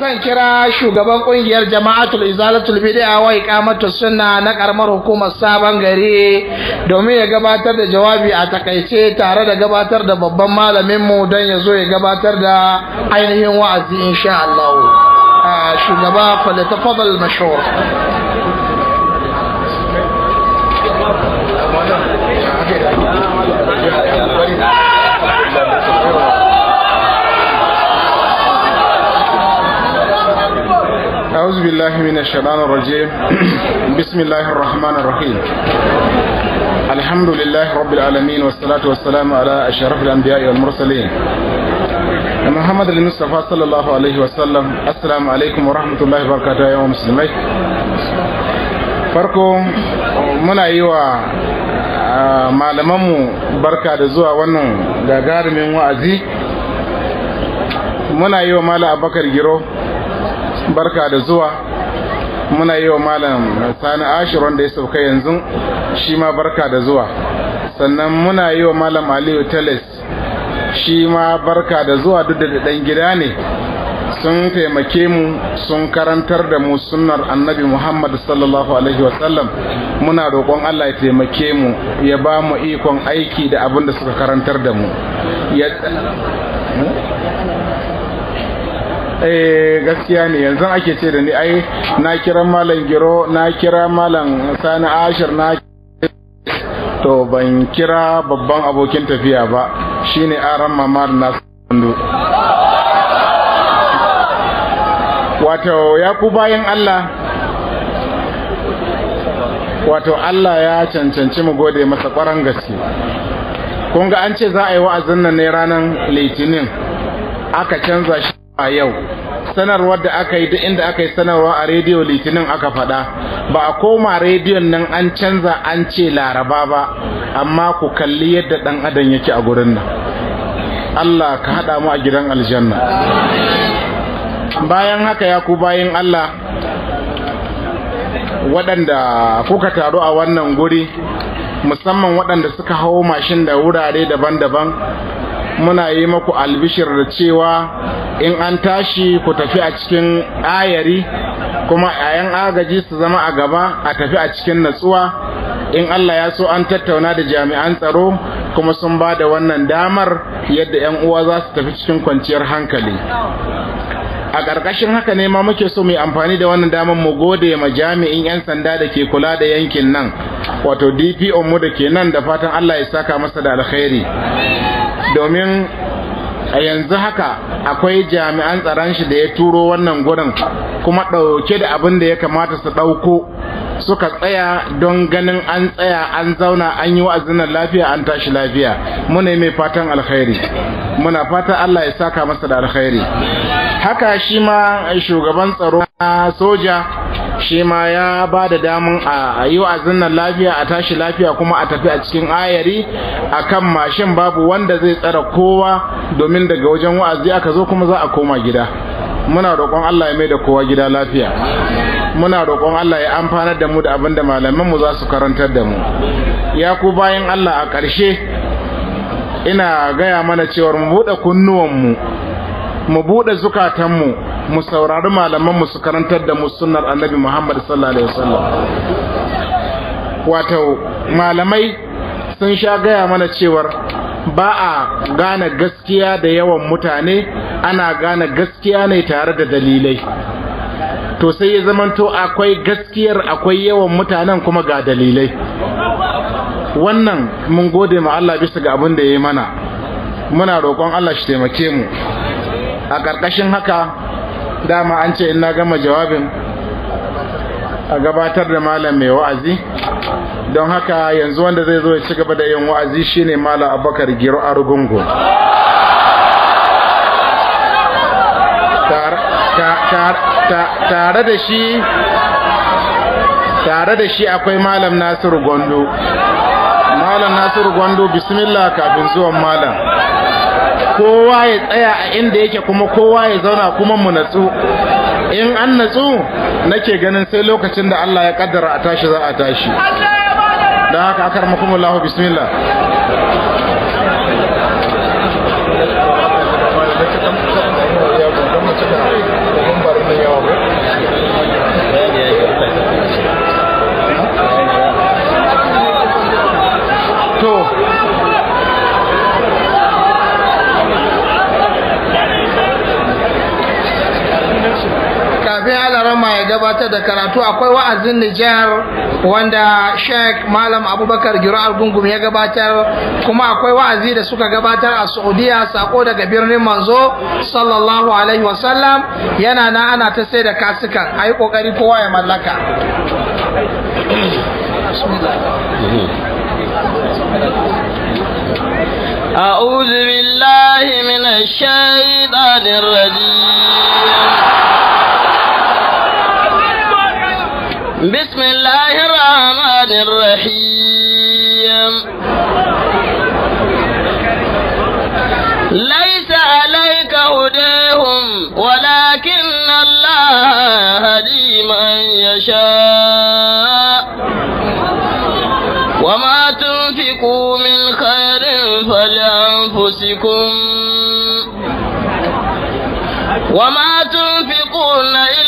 zan kira shugaban kungiyar jama'atul izalatul bid'a wa iqamatus sunna na karamar hukumar sabon gari domin ya gabatar da jawabi a takaice tare da gabatar da babban malamin mu don ya zo ya gabatar da ainihin wa'azi insha Allah ah, shugaba falyatafaddal mashhur أعوذ بالله من الشيطان الرجيم بسم الله الرحمن الرحيم الحمد لله رب العالمين والصلاة والسلام على أشرف الأنبياء والمرسلين محمد المصطفى صلى الله عليه وسلم السلام عليكم ورحمة الله وبركاته يا مسلمين farko muna yi wa malamanmu barka da zuwa wannan gagarumin wa'azi muna yi wa mala abakar giro barka da zuwa muna yi wa malam sani ashir wanda ya sauka yanzu shi ma barka da zuwa sannan muna yi wa malam aliyu teles shi ma barka da zuwa duk da ɗan gida ne sun taimake mu sun karantar da mu sunnar annabi muhammad sallallahu alaihi wasallam muna roƙon allah ya taimake mu ya ba mu ikon aiki da abin da suka karantar da mu eh gaskiya ne yanzu ake ce da ni ai na kira malam giro na kira malam sani ashir na to ban kira babban abokin tafiya ba shine aran mamar na sandu wato ya ku bayan Allah wato Allah ya cancanci mu gode masa kwaran gaske kun ga an ce za a yi wa'azin nan ne ranar litinin aka canza shi a yau sanarwar da aka yi duk inda aka yi sanarwa a rediyo litinin aka faɗa ba a koma rediyon nan an canza an ce laraba ba amma ku kalli yadda ɗan adam yake a gurin nan allah ka haɗa mu a gidan aljanna bayan haka ya ku bayan allah waɗanda kuka taru a wannan guri musamman waɗanda suka hau mashin da wurare daban-daban muna yi maku albishir da cewa in an tashi ku tafi a cikin ayari kuma 'ya'yan agaji su zama a gaba a tafi a cikin natsuwa in Allah ya so an tattauna da jami'an tsaro kuma sun ba da wannan damar yadda 'yan uwa za su tafi cikin kwanciyar hankali a ƙarƙashin haka ne ma muke so mai amfani da wannan damar mu gode ma jami'in 'yan sanda da ke kula da yankin nan wato dpo mu da ke nan da fatan allah ya saka masa da alkhairi domin a yanzu haka akwai jami'an tsaron shi da ya turo wannan gurin kuma ɗauke da abin da ya kamata su ɗauko suka tsaya don ganin an tsaya an zauna an yi wa'azin lafiya an tashi lafiya muna mai fatan alkhairi muna fata Allah ya saka masa da alkhairi haka shi ma shugaban tsaro na soja shi ma ya ba da damun a yi wa'azin nan lafiya a tashi lafiya kuma a tafi a cikin ayari a kan mashin babu wanda zai tsara kowa domin daga wajen wa'azi aka zo kuma za a koma gida muna roƙon Allah ya mai da kowa gida lafiya muna roƙon Allah ya amfanar da mu da abin da malamanmu za su karantar da mu ya ku bayan Allah a ƙarshe ina gaya mana cewar mu buɗe mu. mu buɗe zukatanmu mu saurari malamanmu su karantar da mu sunnar annabi Muhammad sallallahu alaihi wasallam wato malamai sun sha gaya mana cewar ba a gane gaskiya da yawan mutane ana gane gaskiya ne tare da dalilai to sai ya zamanto akwai gaskiyar akwai yawan mutanen kuma ga dalilai wannan mun gode ma Allah bisa ga abin da ya yi mana muna roƙon Allah shi taimake mu a ƙarƙashin haka dama an ce in na gama jawabin a gabatar da malam mai wa'azi don haka yanzu wanda zai zo ya ci gaba da yin wa'azi shine malam Abubakar giro arugungu tare da shi tare da shi akwai malam nasiru gondo malam nasiru gondo bismillah kafin zuwan malam kowa ya tsaya a inda yake kuma kowa ya zauna kuma mu natsu in an natsu nake ganin sai lokacin da Allah ya kaddara a tashi za a tashi da haka akar makumullahu bismillah kafin alarama ya gabatar da karatu akwai wa'azin Nijar wanda Sheikh Malam Abubakar Giro Algungum ya gabatar kuma akwai wa'azi da suka gabatar a Saudiya sako daga birnin manzo sallallahu alaihi wasallam yana na ana ta sai da kasukan ayi kokari kowa ya mallaka أعوذ بالله من الشيطان الرجيم بسم الله الرحمن الرحيم ليس عليك هديهم ولكن الله هدي من يشاء وما تنفقوا من خير فلأنفسكم وما تنفقون إلا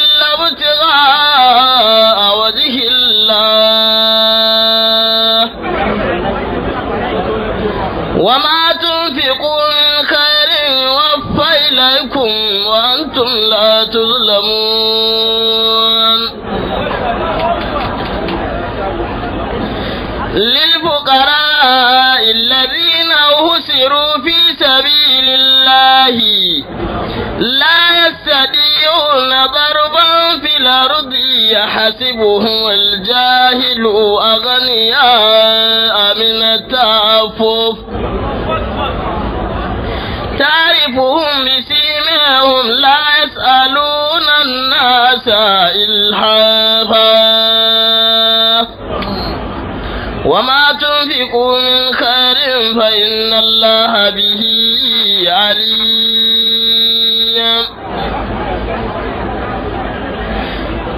وأنتم لا تظلمون للفقراء الذين أهسروا في سبيل الله لا يستطيعون ضربا في الأرض يحسبهم الجاهل أغنياء من التعفف تعرفهم بسيماهم لا يسألون الناس إلحافا وما تنفقوا من خير فإن الله به عليم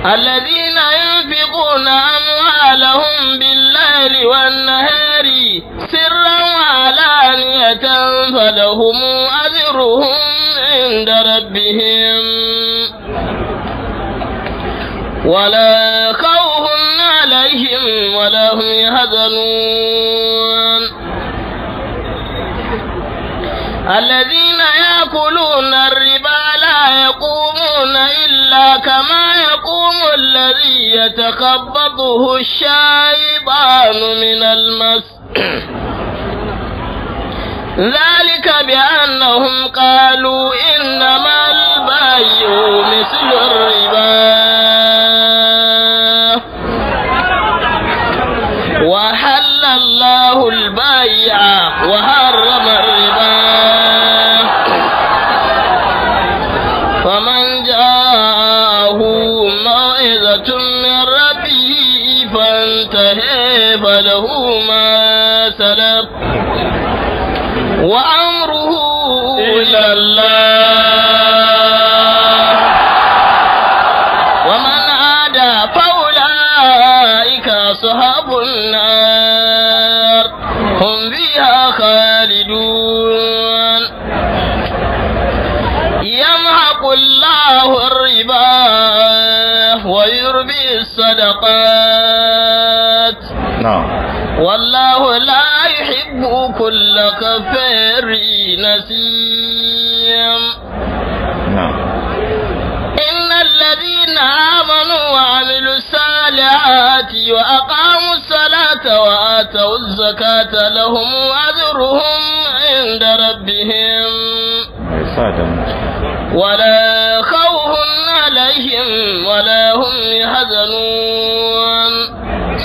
الذين ينفقون أموالهم بالليل والنهار سرا وعلانية فلهم أجرهم عند ربهم ولا خوف عليهم ولا هم يحزنون الذين يأكلون الربا لا يقومون إلا كما يقوم الذي يتخبطه الشيطان من المس ذلك بأنهم قالوا إنما وأقاموا أقاموا الصلاة وآتوا الزكاة لهم أجرهم عند ربهم ولا خوف عليهم ولا هم يحزنون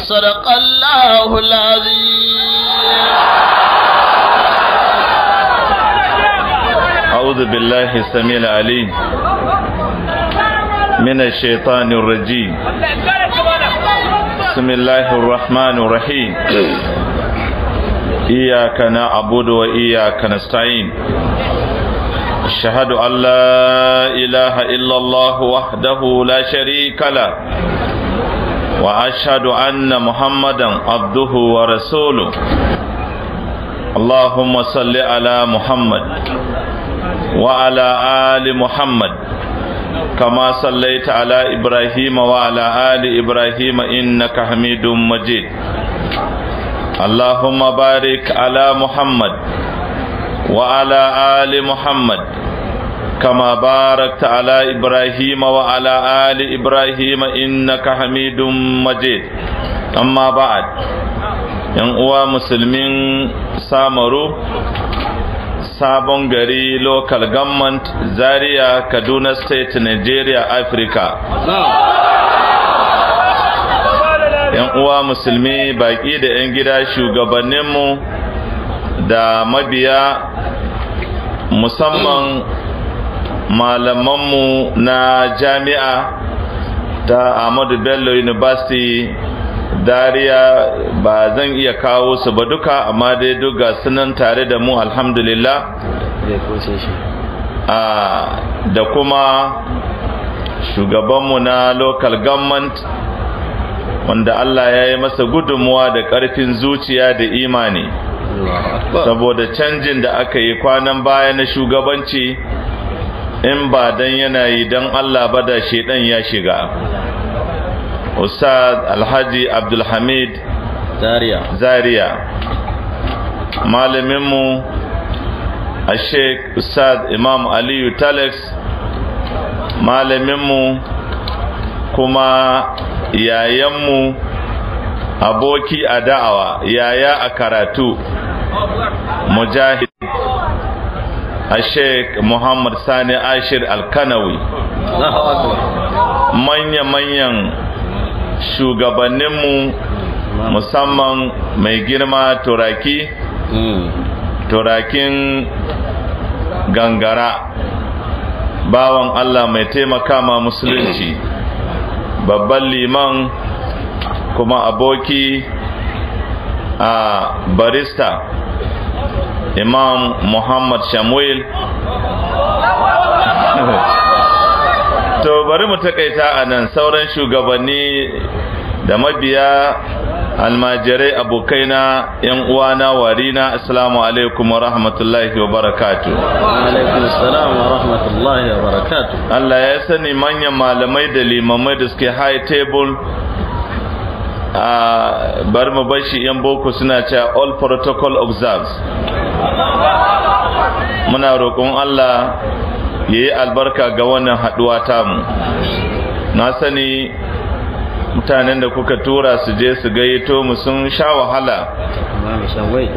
صدق الله العظيم أعوذ بالله السميع العليم من الشيطان الرجيم بسم الله الرحمن الرحيم إياك نعبد وإياك نستعين أشهد أن لا إله إلا الله وحده لا شريك له وأشهد أن محمدا عبده ورسوله اللهم صل على محمد وعلى آل محمد كما صليت على إبراهيم وعلى آل إبراهيم إنك حميد مجيد اللهم بارك على محمد وعلى آل محمد كما باركت على إبراهيم وعلى آل إبراهيم إنك حميد مجيد أما بعد ‘yan uwa musulmin samaru sabon gari local government zaria kaduna state nigeria africa yan uwa musulmi baki da yan gida shugabanninmu da mabiya musamman malamanmu na jami'a ta ahmadu bello university zariya ba zan iya kawo su ba duka amma dai duk sunan tare da mu alhamdulillah da kuma shugabanmu na local government wanda Allah ya yi masa gudunmuwa da ƙarfin zuciya da imani saboda canjin da aka yi kwanan baya na shugabanci in ba dan yana yi don Allah ba da shedan ya shiga Ustaz alhaji abdulhamid zaria malaminmu a sheik Ustaz imam aliyu talex malaminmu kuma yayanmu aboki a da'awa yaya a karatu mujahid a sheik muhammad sani ashir alkanawi manya-manyan shugabanninmu musamman mai girma turaki hmm. turakin gangara bawan allah mai taimakama musulunci babban liman kuma aboki a barista imam muhammad shamuel to bari mu takaita a nan sauran shugabanni da mabiya almajirai abokaina yan uwana warina assalamu alaikum wa rahmatullahi wa barakatu Allah ya sani manyan malamai da limamai da suke high table a bari mu bashi yan boko suna cewa all protocol observes muna roƙon Allah ya yi albarka ga wannan haɗuwa mu na sani mutanen da kuka tura su je su gayyato mu sun sha wahala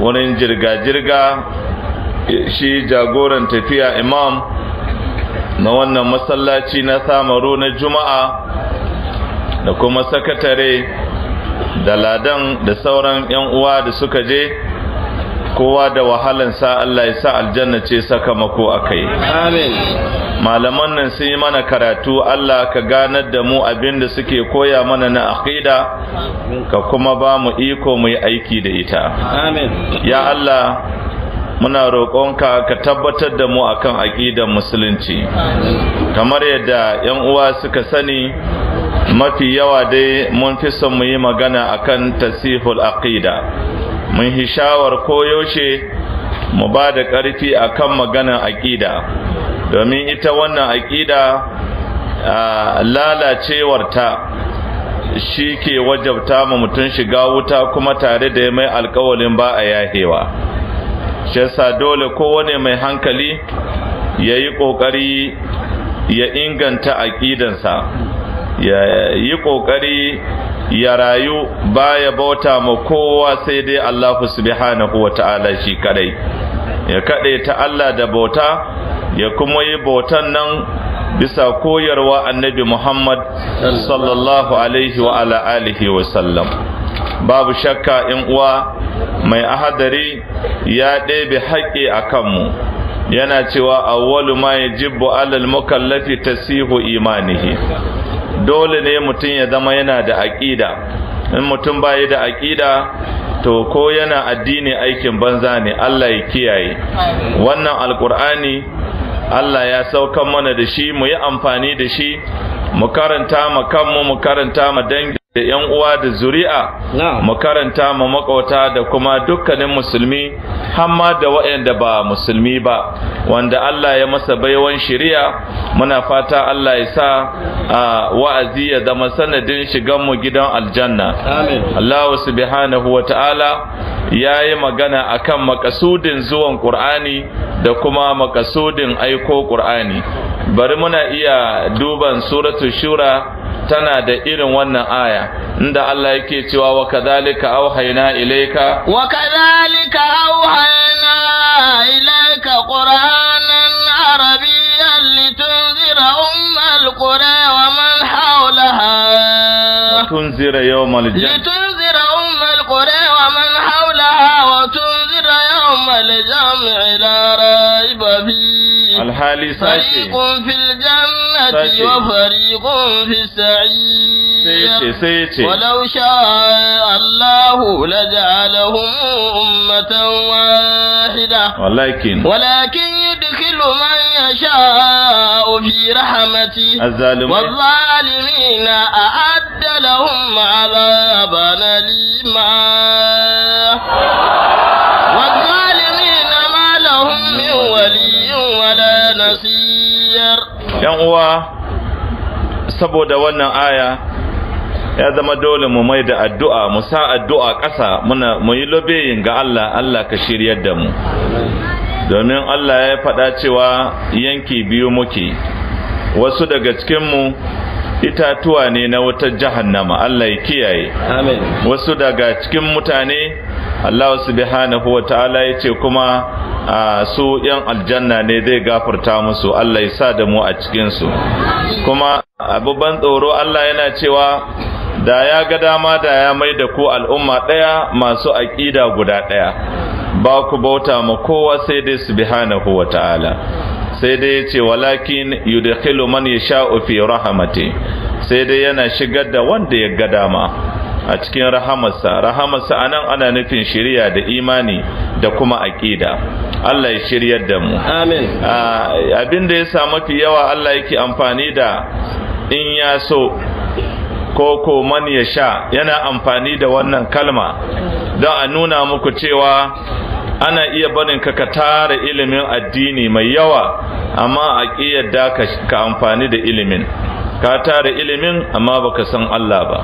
wurin jirga-jirga shi jagoran tafiya imam na wannan masallaci na samaru na juma'a da kuma sakatare da ladan da sauran 'yan uwa da suka je kowa da wahalan sa Allah ya sa aljanna ce sakamako akai amin malaman nan sun yi mana karatu Allah ka ganar da mu abin da suke koya mana na aqida ka kuma ba mu iko mu yi aiki da ita amin ya Allah muna roƙonka ka tabbatar da mu akan aƙidan musulunci kamar yadda 'yan uwa suka sani mafi yawa dai mun fi son mu yi magana akan tasihul aqida mun hishawar koyaushe mu ba da ƙarfi a kan maganar aƙida domin ita wannan aƙida lalacewarta shi ke wajabta ma mutum shiga wuta kuma tare da mai alkawalin ba a yahewa shi dole dole kowane mai hankali ya yi ƙoƙari ya inganta aƙidansa ya yi ƙoƙari ya rayu baya bauta ma kowa sai dai Allahu subhanahu wa ta'ala shi kadai ya kade ta Allah da bauta ya kuma yi bautan nan bisa koyarwa annabi Muhammad sallallahu alaihi wa ala alihi wa sallam babu shakka in uwa mai ahadari ya ɗebe haƙƙi a kanmu yana cewa awwalu ma yajibu alal mukallafi tasihu imanihi dole ne mutum ya zama yana da aƙida in mutum bayi da aƙida to ko yana addini aikin banza ne Allah ya kiyaye wannan alkur'ani Allah ya saukan mana da shi mu yi amfani da shi mu karanta ma kanmu mu karanta ma dangi da ‘yan uwa da zuri'a mu karanta mu makauta da kuma dukkanin musulmi hamma da waɗanda ba musulmi ba wanda Allah ya masa baiwan shiriya muna fata Allah ya sa wa'azi ya zama sanadin shigan mu gidan aljanna allahu subhanahu wata'ala ta'ala ya yi magana akan makasudin zuwan Qur'ani da kuma makasudin aiko Qur'ani bari muna iya duban suratu shura tana da irin wannan aya aya inda Allah yake cewa wa kadhalika auhayna ilayka wa kadhalika auhayna ilayka qur'anan arabiyyan litunzira ummal qura wa man hawlaha tunzira yawmal jam litunzira ummal qura wa man hawlaha wa tunzira يوم الجمع لا ريب فيه فريق في الجنة ساشي. وفريق في السعير ساشي ولو شاء الله لجعلهم أمة واحدة ولكن ولكن من يشاء في رحمته والظالمين أعد لهم عذابا أليما والظالمين ما لهم من ولي ولا نصير يعوى uwa saboda wannan aya ya zama dole mu mai da addu'a mu sa addu'a ƙasa muna mu yi lobeyin ga Allah Allah ka shiryar da mu domin Allah ya faɗa cewa yanki biyu muke wasu daga cikinmu itatuwa ne na wata jahannama Allah ya kiyaye wasu daga cikin mutane Allah subhanahu wa ta'ala ya ce kuma su yan aljanna ne zai gafarta musu Allah ya sa da mu a cikinsu kuma abubban tsoro Allah yana cewa da ya ga dama da ya mai da ku al'umma ɗaya masu aƙida guda ɗaya ba ku bauta ma kowa sai dai subhanahu wa ta'ala sai dai ya ce walakin yudkhilu man yasha'u fi rahmati sai dai yana shigar da wanda ya ga dama a cikin rahamarsa rahamarsa anan ana nufin shiriya da imani da kuma aƙida Allah ya shiryar da mu amin ah, abin da ya sa mafi yawa Allah yake amfani da in ya so koko man ya sha yana amfani da wannan kalma don a nuna muku cewa ana iya barin ka ka tara ilimin addini mai yawa amma a ƙiyarda ka amfani da ilimin ka tara ilimin amma baka san Allah ba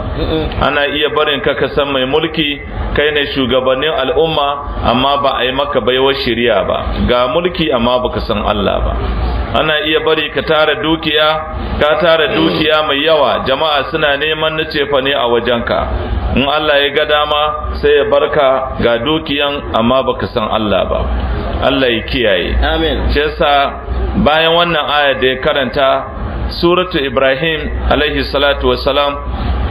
ana iya barin ka ka san mai mulki kai ne shugabannin al'umma amma ba a yi maka baiwar shiriya ba ga mulki amma baka san Allah ba ana iya bari ka tara dukiya ka tara dukiya mai yawa jama'a suna neman na cefa ne a wajenka in Allah ya ga dama sai ya barka ga dukiyan amma baka san manzon Allah ba Allah ya kiyaye amin shi yasa bayan wannan aya da ya karanta suratu Ibrahim alaihi salatu wassalam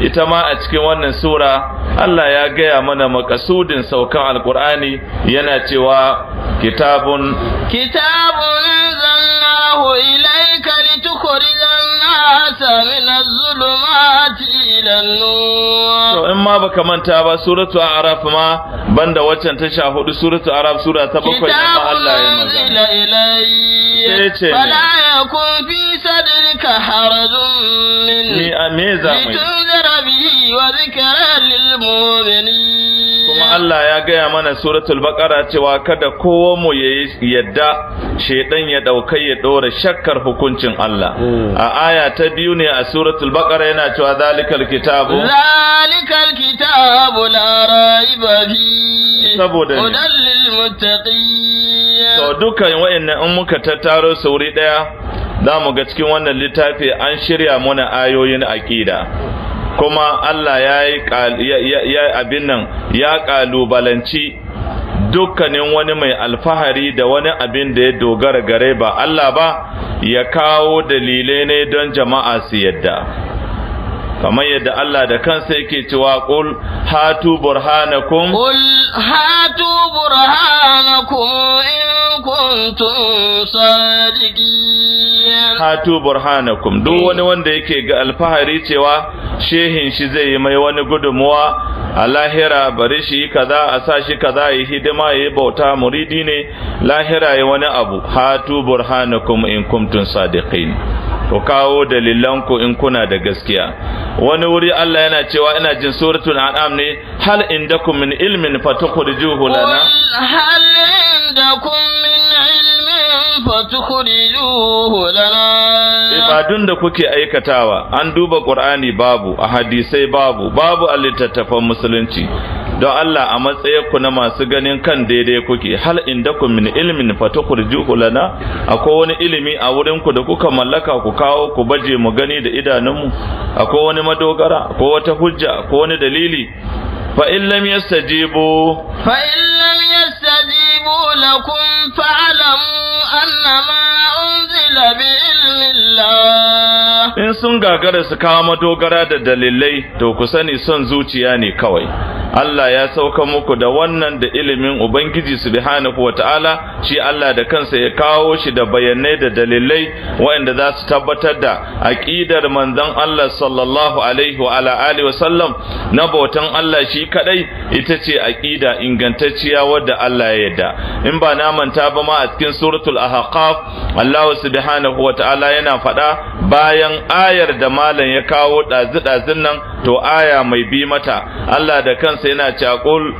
ita ma a cikin wannan sura Allah ya gaya mana makasudin saukan alkur'ani yana cewa kitabun kitabun الله إليك لتخرج الناس من الظلمات إلى النور to in ma baka manta ba suratu araf ma banda waccan ta sha hudu suratu araf sura ta bakwai ma Allah ya magana ce fala yakun fi sadrika harajun min ni me za mu kuma Allah ya gaya mana suratul bakara cewa kada kowa mu yayi yadda shedan ya dauka ya ɗora shakkar hukuncin Allah hmm. a aya ta biyu ne a suratul bakara yana cewa zalikal kitabu zalikal kitabu la raiba fi saboda hudallil muttaqin to dukkan wayannan in muka tattaro su wuri daya za mu ga cikin wannan littafi an shirya mana ayoyin aƙida. kuma Allah ya yi abin nan ya kalubalanci dukkanin wani mai alfahari da wani abin da ya dogara gare ba Allah ba ya kawo dalilai ne don jama'a su yadda kamar yadda Allah da kansa yake cewa qul hatu burhanakum qul hatu burhanakum in kuntum sadiqin hatu burhanakum duk wani wanda yake ga alfahari cewa shehin shi zai yi mai wani gudunmawa, a lahira bari shi kaza a sa shi kaza yi hidima yi bauta muridi ne lahira yi wani abu hatu burhanakum in kuntum sadiqin ku kawo dalilanku in kuna da gaskiya wani wuri Allah yana cewa ina jin suratul an'am ne hal indakum min ilmin fatukhrijuhu lana hal indakum min ibadun da kuke aikatawa an duba ƙur'ani babu a hadisai babu babu a littattafan musulunci don Allah a matsayinku na masu ganin kan daidai kuke hal inda ku min ilmin fatukhrijuhu lana akwai wani ilimi a wurinku da kuka mallaka ku kawo ku baje mu gani da idanunmu akwai wani madogara ko wata hujja ko wani dalili fa in lam yastajibu fa لكم فاعلموا أنما أنزل in sun gagara su kawo madogara da dalilai to ku sani son zuciya ne kawai Allah ya sauka muku da wannan da ilimin Ubangiji subhanahu wa ta'ala shi Allah da kansa ya kawo shi da bayanai da dalilai waɗanda za su tabbatar da aƙidar manzon Allah sallallahu alaihi wa alihi na bautan Allah shi kaɗai ita ce aƙida ingantacciya wadda Allah ya yarda in ba na manta ba ma a cikin suratul ahqaf Allah subhanahu wa ta'ala yana faɗa bayan ayar da malam ya kawo ɗazu-ɗazun nan to aya mai bi mata Allah da kansa yana cakul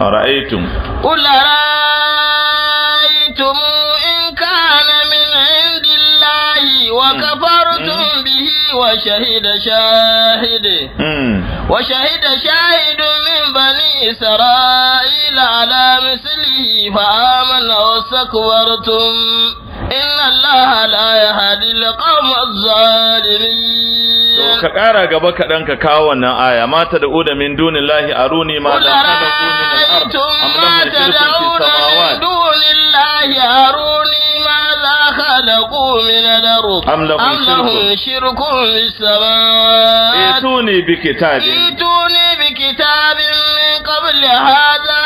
ra'aytum qul ra'aytum in kana min indillahi wa hmm. kafartum hmm. bihi wa shahida shahidi hmm. wa shahida shahidu min bani isra'ila ala mislihi fa amana wa inna Allah la yahdi al-qawm adh ka ƙara gaba kaɗan ka kawo wannan aya mata da uda min dunillahi aruni ma la tadaku min aruni ma la khalaqu min al-ard am lahum shirkun fi samawati ituni bi kitabin ituni bi kitabin min qabli hadha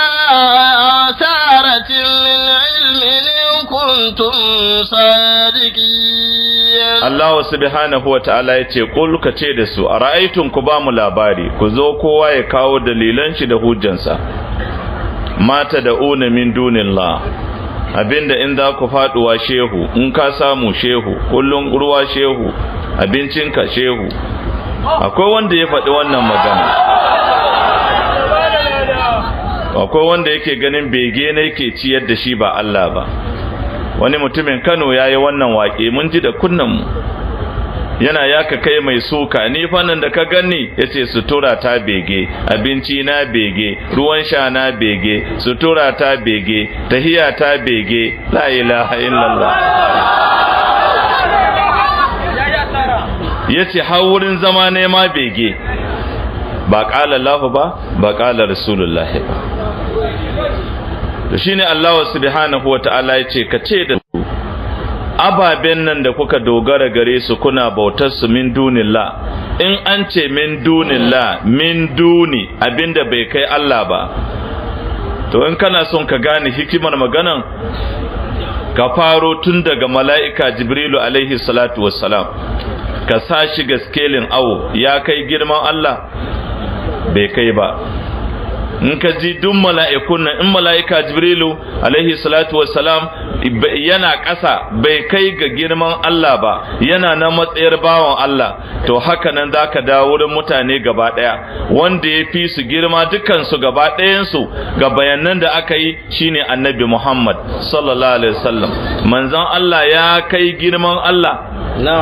kuntum sadiqin Allah subhanahu wataala yace qul ka ce da su ara'aytum ku ba mu labari ku zo kowa ya kawo dalilan shi da hujjansa mata da una min dunillah abinda in za ku faduwa shehu in ka samu shehu kullun ruwa shehu abincin ka shehu akwai wanda ya faɗi wannan magana akwai wanda yake ganin bege ne ke ciyar da shi ba Allah ba wani mutumin Kano ya yi wannan waƙe mun ji da mu yana yaka kai mai suka ni fannin da ka gani ya ce sutura ta bege abinci na bege ruwan sha na bege sutura ta bege tahiya ta bege la ilaha illallah ya ce har wurin zama nema bege ba ƙala lafi ba ba ƙala rasulullahi ba to shine Allah subhanahu wata'ala yace ka ce da su ababen nan da kuka dogara gare su kuna bautar su min dunilla in an ce min dunilla min duni abinda bai kai Allah ba to in kana son ka gane hikimar maganan ka faro tun daga mala'ika jibrilu alaihi salatu wassalam ka sa shi ga awo ya kai girman Allah bai kai ba in ka ji duk mala'ikun nan in mala'ika jibrilu alaihi salatu wassalam yana ƙasa bai kai ga girman Allah ba yana na matsayar bawan Allah to haka nan za ka dawo wurin mutane gaba ɗaya wanda ya fi su girma dukansu gaba ɗayansu ga bayanan da aka yi shine annabi Muhammad sallallahu alaihi wasallam manzon Allah ya kai girman Allah na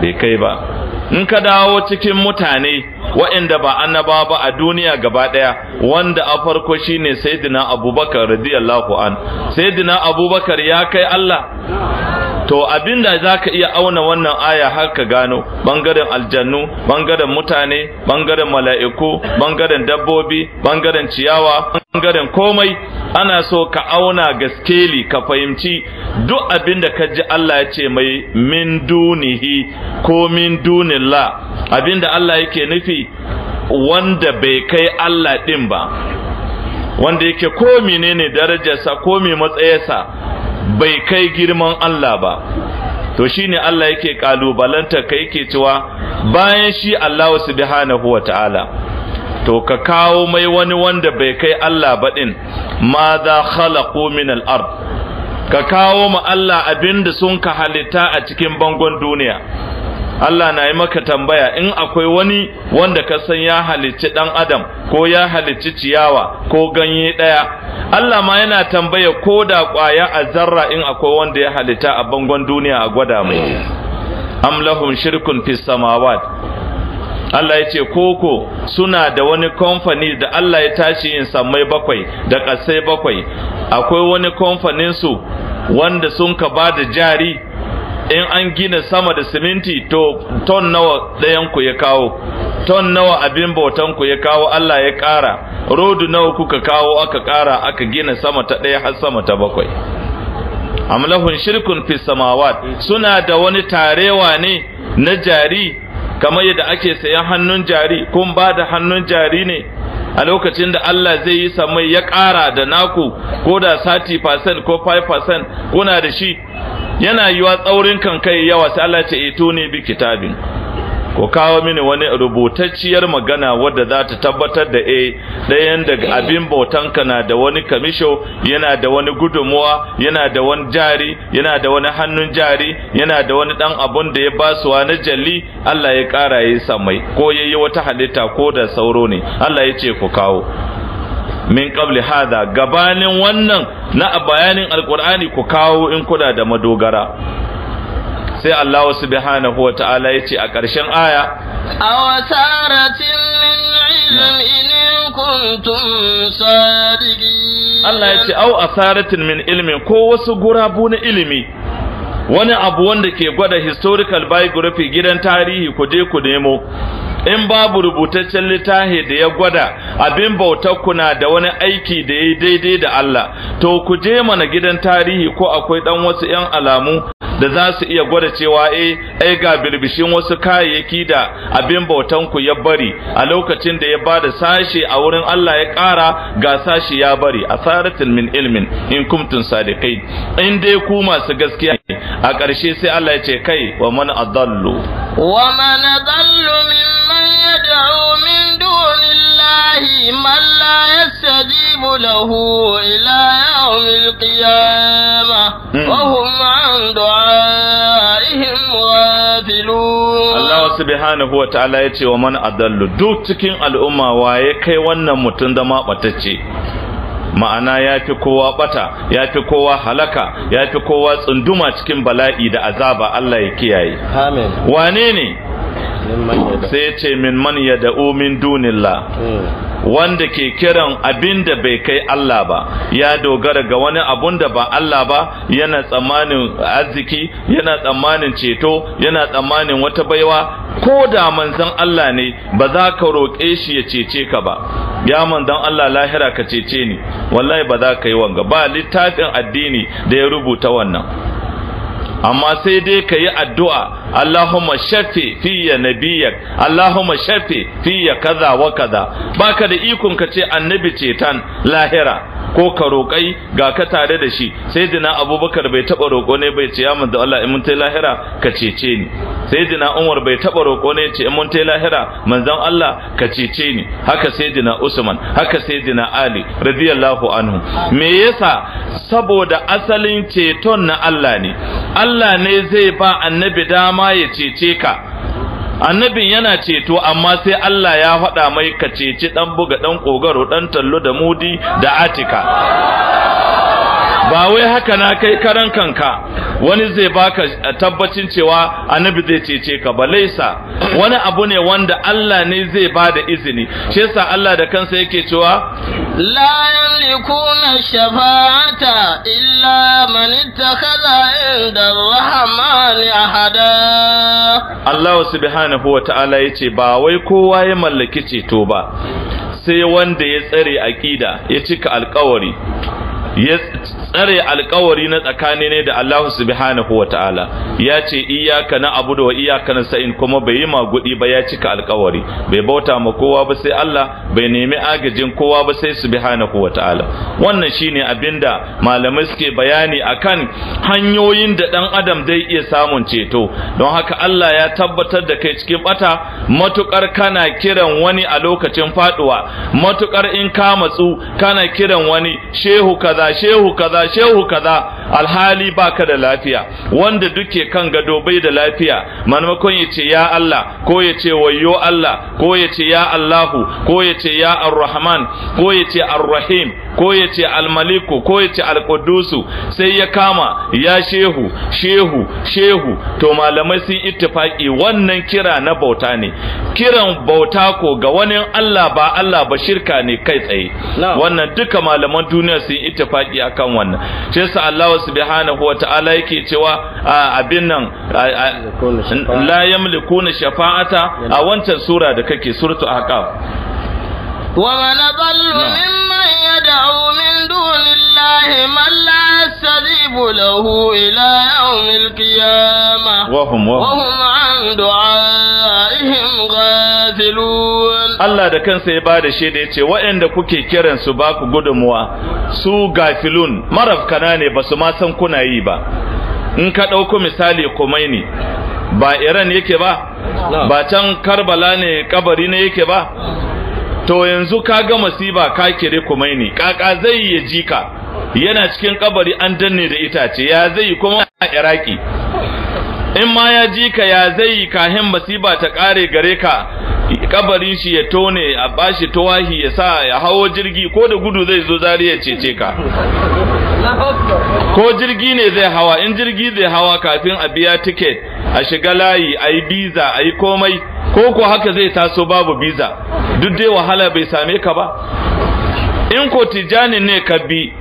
bai kai ba in ka dawo cikin mutane waɗanda ba annaba ba a duniya gaba ɗaya wanda a farko shine saidina abubakar radiyallahu an sayyidina abubakar ya kai Allah to abinda zaka iya auna wannan aya har ka gano bangaren aljannu bangaren mutane bangaren mala'iku bangaren dabbobi bangaren ciyawa bangaren komai ana so ka auna gaskeli ka fahimci duk abin da ka ji Allah ya ce mai min dunihi ko min dunilla abin da Allah yake nufi wanda bai kai Allah din ba wanda yake ko menene darajarsa ko me matsayarsa bai kai girman Allah ba to shine Allah yake kalubalanta kai yake cewa bayan shi Allah subhanahu wa ta'ala to ka kawo mai wani wanda bai kai Allah ba din ma za khalaqu min al ka kawo ma Allah abinda sun ka halitta a cikin bangon duniya Allah na yi maka tambaya in akwai wani wanda ka san ya halicci ɗan adam ko ya halicci ciyawa ko ganye ɗaya Allah ma yana tambaya ko da ƙwaya a zarra in akwai wanda ya halitta a bangon duniya a gwada mai am lahum shirkun fis samawat Allah ya ce koko suna da wani kamfani da Allah ya tashi yin sammai bakwai da ƙasai bakwai akwai wani kamfanin su wanda sun ka ba da jari in an gina sama da siminti to ton nawa ɗayan ku ya kawo ton nawa abin bautan ku ya kawo Allah ya ƙara rodu nawa kuka kawo aka ƙara aka gina sama ta ɗaya har sama ta bakwai amlahun shirkun fi samawat suna da wani tarewa ne na jari kamar yadda ake sayan hannun jari kun ba da hannun jari ne a lokacin da Allah zai yi samai ya ƙara da naku ko da sati percent ko 5 percent kuna da shi yana yiwa tsaurin kan kai yawa sai Allah ce ito ne bi kitabin ko kawo mini wani rubutacciyar magana wadda za ta tabbatar da e ɗayan daga abin bautanka na da wani kamisho yana da wani gudunmuwa yana da wani jari yana da wani hannun jari yana da wani ɗan abun da ya basuwa na jalli Allah ya ƙara ya samai ko ya yi wata halitta ko da sauro ne Allah ya ce ku kawo min qabli hada gabanin wannan na bayanin alkur'ani ku kawo in kuna da madogara sai Allah subhanahu wa ta'ala ya ce a ƙarshen aya Allah ya ce au asaratin min ilmin ko wasu gurabu na ilimi wani abu wanda ke gwada historical biography gidan tarihi ku je ku nemo in babu rubutaccen littafi da ya gwada abin bautar kuna da wani aiki da ya daidai da Allah to ku je mana gidan tarihi ko akwai dan wasu yan alamu da za su iya gwada cewa eh ai ga birbishin wasu kayayyaki da abin bautan ku ya bari a lokacin da ya bada sashi a wurin Allah ya ƙara ga sashi ya bari asaratin min ilmin in kuntum sadiqin in dai ku masu gaskiya a ƙarshe sai Allah ya ce kai wa man adallu wa man adallu يدعو من دون الله من لا يستجيب له إلى يوم القيامة وهم عن دعائهم غافلون Allah subhanahu wa ta'ala ya ce wa man adallu duk cikin al'umma ya kai wannan mutum zama batacce ma'ana ya fi kowa bata ya fi kowa halaka ya fi kowa tsunduma cikin bala'i da azaba Allah ya kiyaye wane ne sai ce min man ya da min dunilla hmm. wanda ke kiran abin da bai kai Allah ba ya dogara ga wani abun da ba Allah ba yana tsammanin arziki yana tsammanin ceto yana tsammanin wata baiwa ko da manzon Allah ne ba za ka roƙe shi ya cece ka ba ya manzon Allah lahira ka cece ni wallahi ba za ka yi wanga ba littafin addini da ya rubuta wannan amma sai dai ka yi addu'a اللهم shafi في نبيك اللهم shafi في kaza wa kaza baka da ikon ka ce annabi cetan lahira ko ka roƙai ga ka tare da shi sai dina abubakar bai taɓa roƙo ne bai ce ya manta, da Allah in mun lahira ka cece ni sai dina umar bai taɓa roƙo ne ce in mun lahira manzon Allah ka cece ni haka sai dina usman haka sai dina ali radiyallahu anhu me yasa saboda asalin ceton na Allah ne Allah ne zai ba annabi dama ma ya cece ka annabin yana ceto amma sai Allah ya faɗa mai ka ceci ɗan buga ɗan ƙogaro ɗan tallo da mudi da atika ba wai haka na kai karan kanka wani zai baka eh, tabbacin cewa annabi zai cece ka ba laisa wani abu ne wanda Allah ne zai bada izini shi yasa Allah da kansa yake cewa la yalikuna shafa'ata illa man ittakhadha inda rahmani ahada Allah subhanahu wa ta'ala yace ba wai kowa ya mallaki ceto ba sai wanda ya tsare aƙida ya cika alkawari ya tsare alkawari na tsakani ne da Allah subhanahu wa ta'ala ya ce iyaka na abu da wa iyaka na sa'in kuma bai yi magudi ba ya cika alkawari bai bauta ma kowa ba sai Allah bai nemi agajin kowa ba sai subhanahu wa ta'ala wannan shine abinda malamai suke bayani akan hanyoyin da dan adam zai iya samun ceto don haka Allah ya tabbatar da kai cikin bata matukar kana kiran wani a lokacin faduwa matukar in ka matsu kana kiran wani shehu kaza shehu kaza shehu kaza alhali baka da lafiya wanda duke kan gado bai da lafiya manamakon ya ce ya Allah ko yace ce wayyo Allah ko yace ya Allahu ko yace ya ar ko yace ce ko ya ce almaliku ko ya ce alkudusu sai ya kama ya shehu shehu shehu to malamai sun ittifaki wannan kira na bauta ne kiran bauta ko ga wani Allah ba Allah ba shirka ne kai tsaye wannan duka malaman duniya sun ittifaki akan wannan sai sa Allah subhanahu wataala yake cewa abin nan la yamlikuna shafa'ata a wancan sura da kake suratu haka. wa من يدعو من دون الله من لا يستجيب له إلى يوم القيامة وهم, وهم, وهم عن دعائهم غافلون da kansa ya bada shi da yace waɗanda kuke kiransu su ba ku gudunmuwa su gafilun marafkana ne ba su ma san kuna yi ba in ka ɗauko misali Khomeini ba Iran yake ba ba can Karbala ne kabari na yake ba to yanzu ka ga masiba ka kire kumaini kaka zai ya ji ka yana cikin kabari an danne da itace ya zai kuma a iraki in ma ya ji ka ya zai kahin masiba ta kare gare ka kabarin shi ya tone a bashi tawahi ya sa ya hawo jirgi ko da gudu zai zo zari ya cece ka ko jirgi ne zai hawa in jirgi zai hawa kafin a biya tiket a shiga layi a yi biza a yi komai ko ko haka zai taso babu biza duk dai wahala bai same ka ba in ko tijani ne ka bi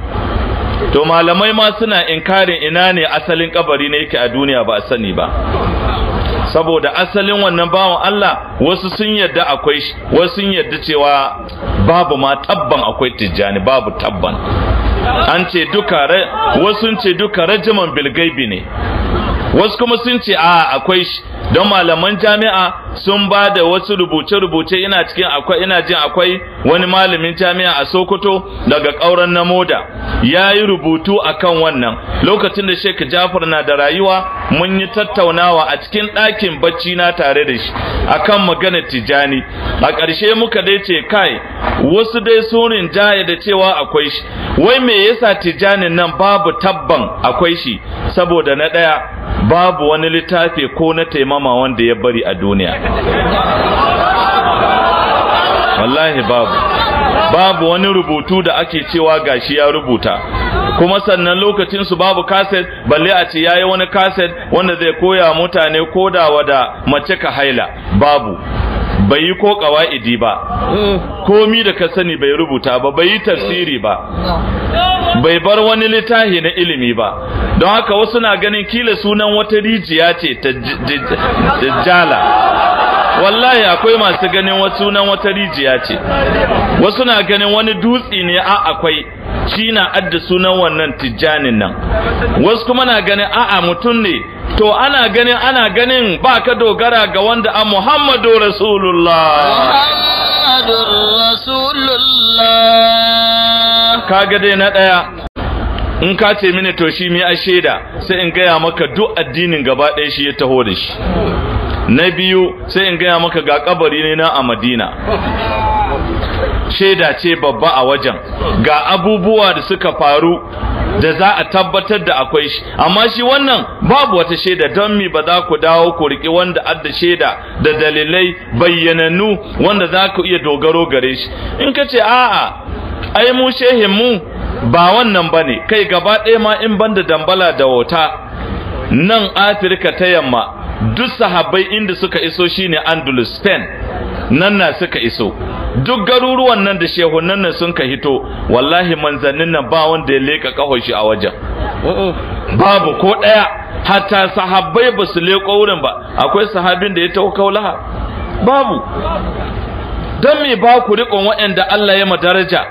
to malamai ma suna inkarin ina ne asalin kabari ne yake a duniya ba a sani ba saboda asalin wannan bawan Allah wasu sun yadda akwai shi wasu sun yadda cewa babu ma tabban akwai tijjani babu tabban an ce duka wasu sun ce duka rajiman bilgaibi ne wasu kuma sun ce a akwai shi don malaman jami'a sun ba da wasu rubuce-rubuce ina cikin akwai ina jin akwai wani malamin jami'a a Sokoto daga ƙauren na moda ya yi rubutu a kan wannan lokacin da Sheikh Jafar na da rayuwa mun yi tattaunawa a cikin ɗakin bacci na tare da shi a kan magana tijani a ƙarshe muka dai ce kai wasu dai sunin jaya da cewa akwai shi wai me yasa tijanin nan babu tabban akwai shi saboda na ɗaya babu wani littafi ko na taimama wanda ya bari a duniya wallahi babu babu wani rubutu da ake cewa gashi ya rubuta kuma sannan lokacin su babu kaset balle a ce yayi wani kaset wanda zai koya mutane koda da mace ka haila babu bai yi ko kawa'idi ba komi da ka sani bai rubuta ba bai yi tafsiri ba bai bar wani littafi na ilimi ba don haka wasu na ganin kila sunan wata rijiya ce ta jala wallahi akwai masu ganin wasu nan wata rijiya ce wasu na ganin wani dutse ne a akwai shi na adda sunan wannan tijjanin nan wasu kuma na ganin a'a mutum ne to ana ganin ana ganin ba ka dogara ga wanda a muhammadu rasulullah muhammadu rasulullah ga dai na ɗaya in ka ce mini to shi mi a shaida sai in gaya maka duk addinin gaba ɗaya shi ya taho da shi na biyu sai in gaya maka ga kabari ne na a madina shaida ce babba a wajen ga abubuwa da suka faru da za a tabbatar da akwai shi amma shi wannan babu wata shaida don mi ba za ku dawo ku riƙe wanda adda shaida da dalilai bayyananu wanda za ku iya dogaro gare shi in ka ce a'a ai mu shehin mu ba wannan ba ne kai gaba ɗaya ma in banda dambala da wata nan afirka ta yamma duk sahabbai inda suka iso shine Andalus Spain nan na suka iso duk garuruwan nan da shehunan nan sun ka hito wallahi manzannin nan ba wanda ya leka kahon shi a wajen babu ko daya hatta sahabbai ba su leko wurin ba akwai sahabin da ya taho kaulaha babu don me ba ku riƙon waɗanda Allah ya madaraja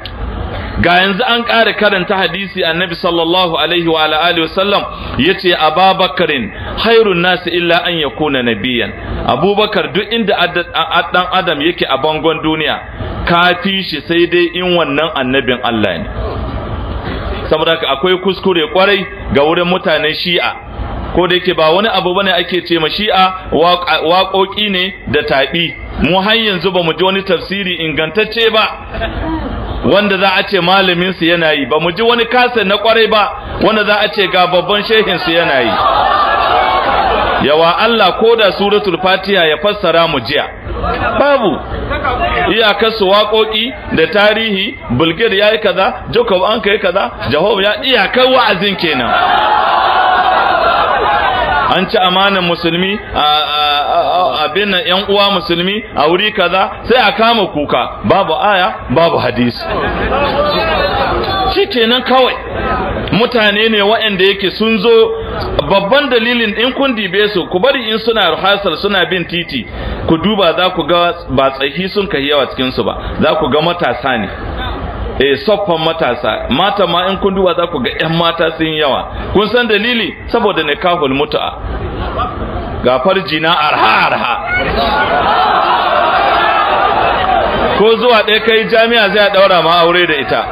ga yanzu an ƙara karanta hadisi annabi sallallahu alaihi wa alihi wasallam yace ababakarin khairun nas illa an yakuna nabiyan abubakar duk inda dan adam yake a bangon duniya kafi shi sai dai in wannan annabin Allah ne saboda akwai kuskure kwarai ga wurin mutanen shi'a ko da yake ba wani abu bane ake ce ma shi'a waƙoƙi ne da taɓi mu har yanzu ba mu ji wani tafsiri ingantacce ba wanda za a ce malamin su yana yi ba mu ji wani kasa na kwarai ba wanda za a ce ga babban shehin su yana yi yawa Allah ko da suratul fatiha ya fassara mu jiya babu iyakar su waƙoƙi da tarihi bulgir ya yi kaza jacob an kai kaza jahob ya iyakar wa'azin kenan an ci amanan musulmi a abin nan yan uwa musulmi a wuri kaza sai a kama kuka babu aya babu hadisi shikenan kawai mutane ne waɗanda yake sun zo babban dalilin in kun dibe su ku bari in suna ruhasar suna bin titi ku duba za ku ga ba tsaki sun kai yawa cikin su ba za ku ga matasa ne eh soffan matasa mata ma in kun duba za ku ga 'yan mata sun yawa kun san dalili saboda nikahul mutu'a ga farji na arha arha ko zuwa ɗaya kai jami'a zai ɗaura ma aure da ita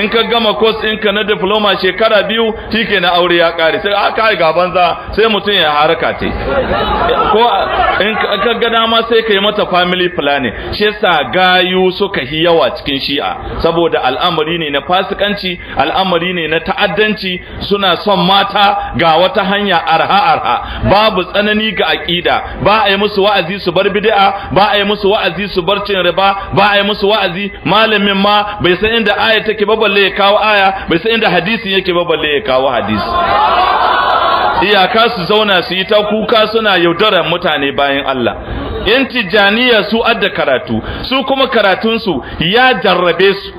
in ka gama kos ka na diploma shekara biyu tike na aure ya ƙare sai aka ah, ga banza sai mutum ya haraka ce. ko in ka ga dama sai ka yi mata family planning shi yasa gayu suka yi yawa cikin shi'a saboda al'amari ne na fasikanci al'amari ne na ta'addanci suna son mata ga wata hanya arha arha babu tsanani ga aƙida ba a yi musu wa'azi su bar bid'a ba a yi musu wa'azi su bar cin riba ba a musu wa'azi malamin ma bai san inda aya take ba balle ya kawo aya bai san inda hadisi yake ba balle ya kawo hadisi iyaka su zauna su yi ta kuka suna yaudarar mutane bayan Allah in tijaniya su adda karatu su kuma karatunsu ya jarrabe su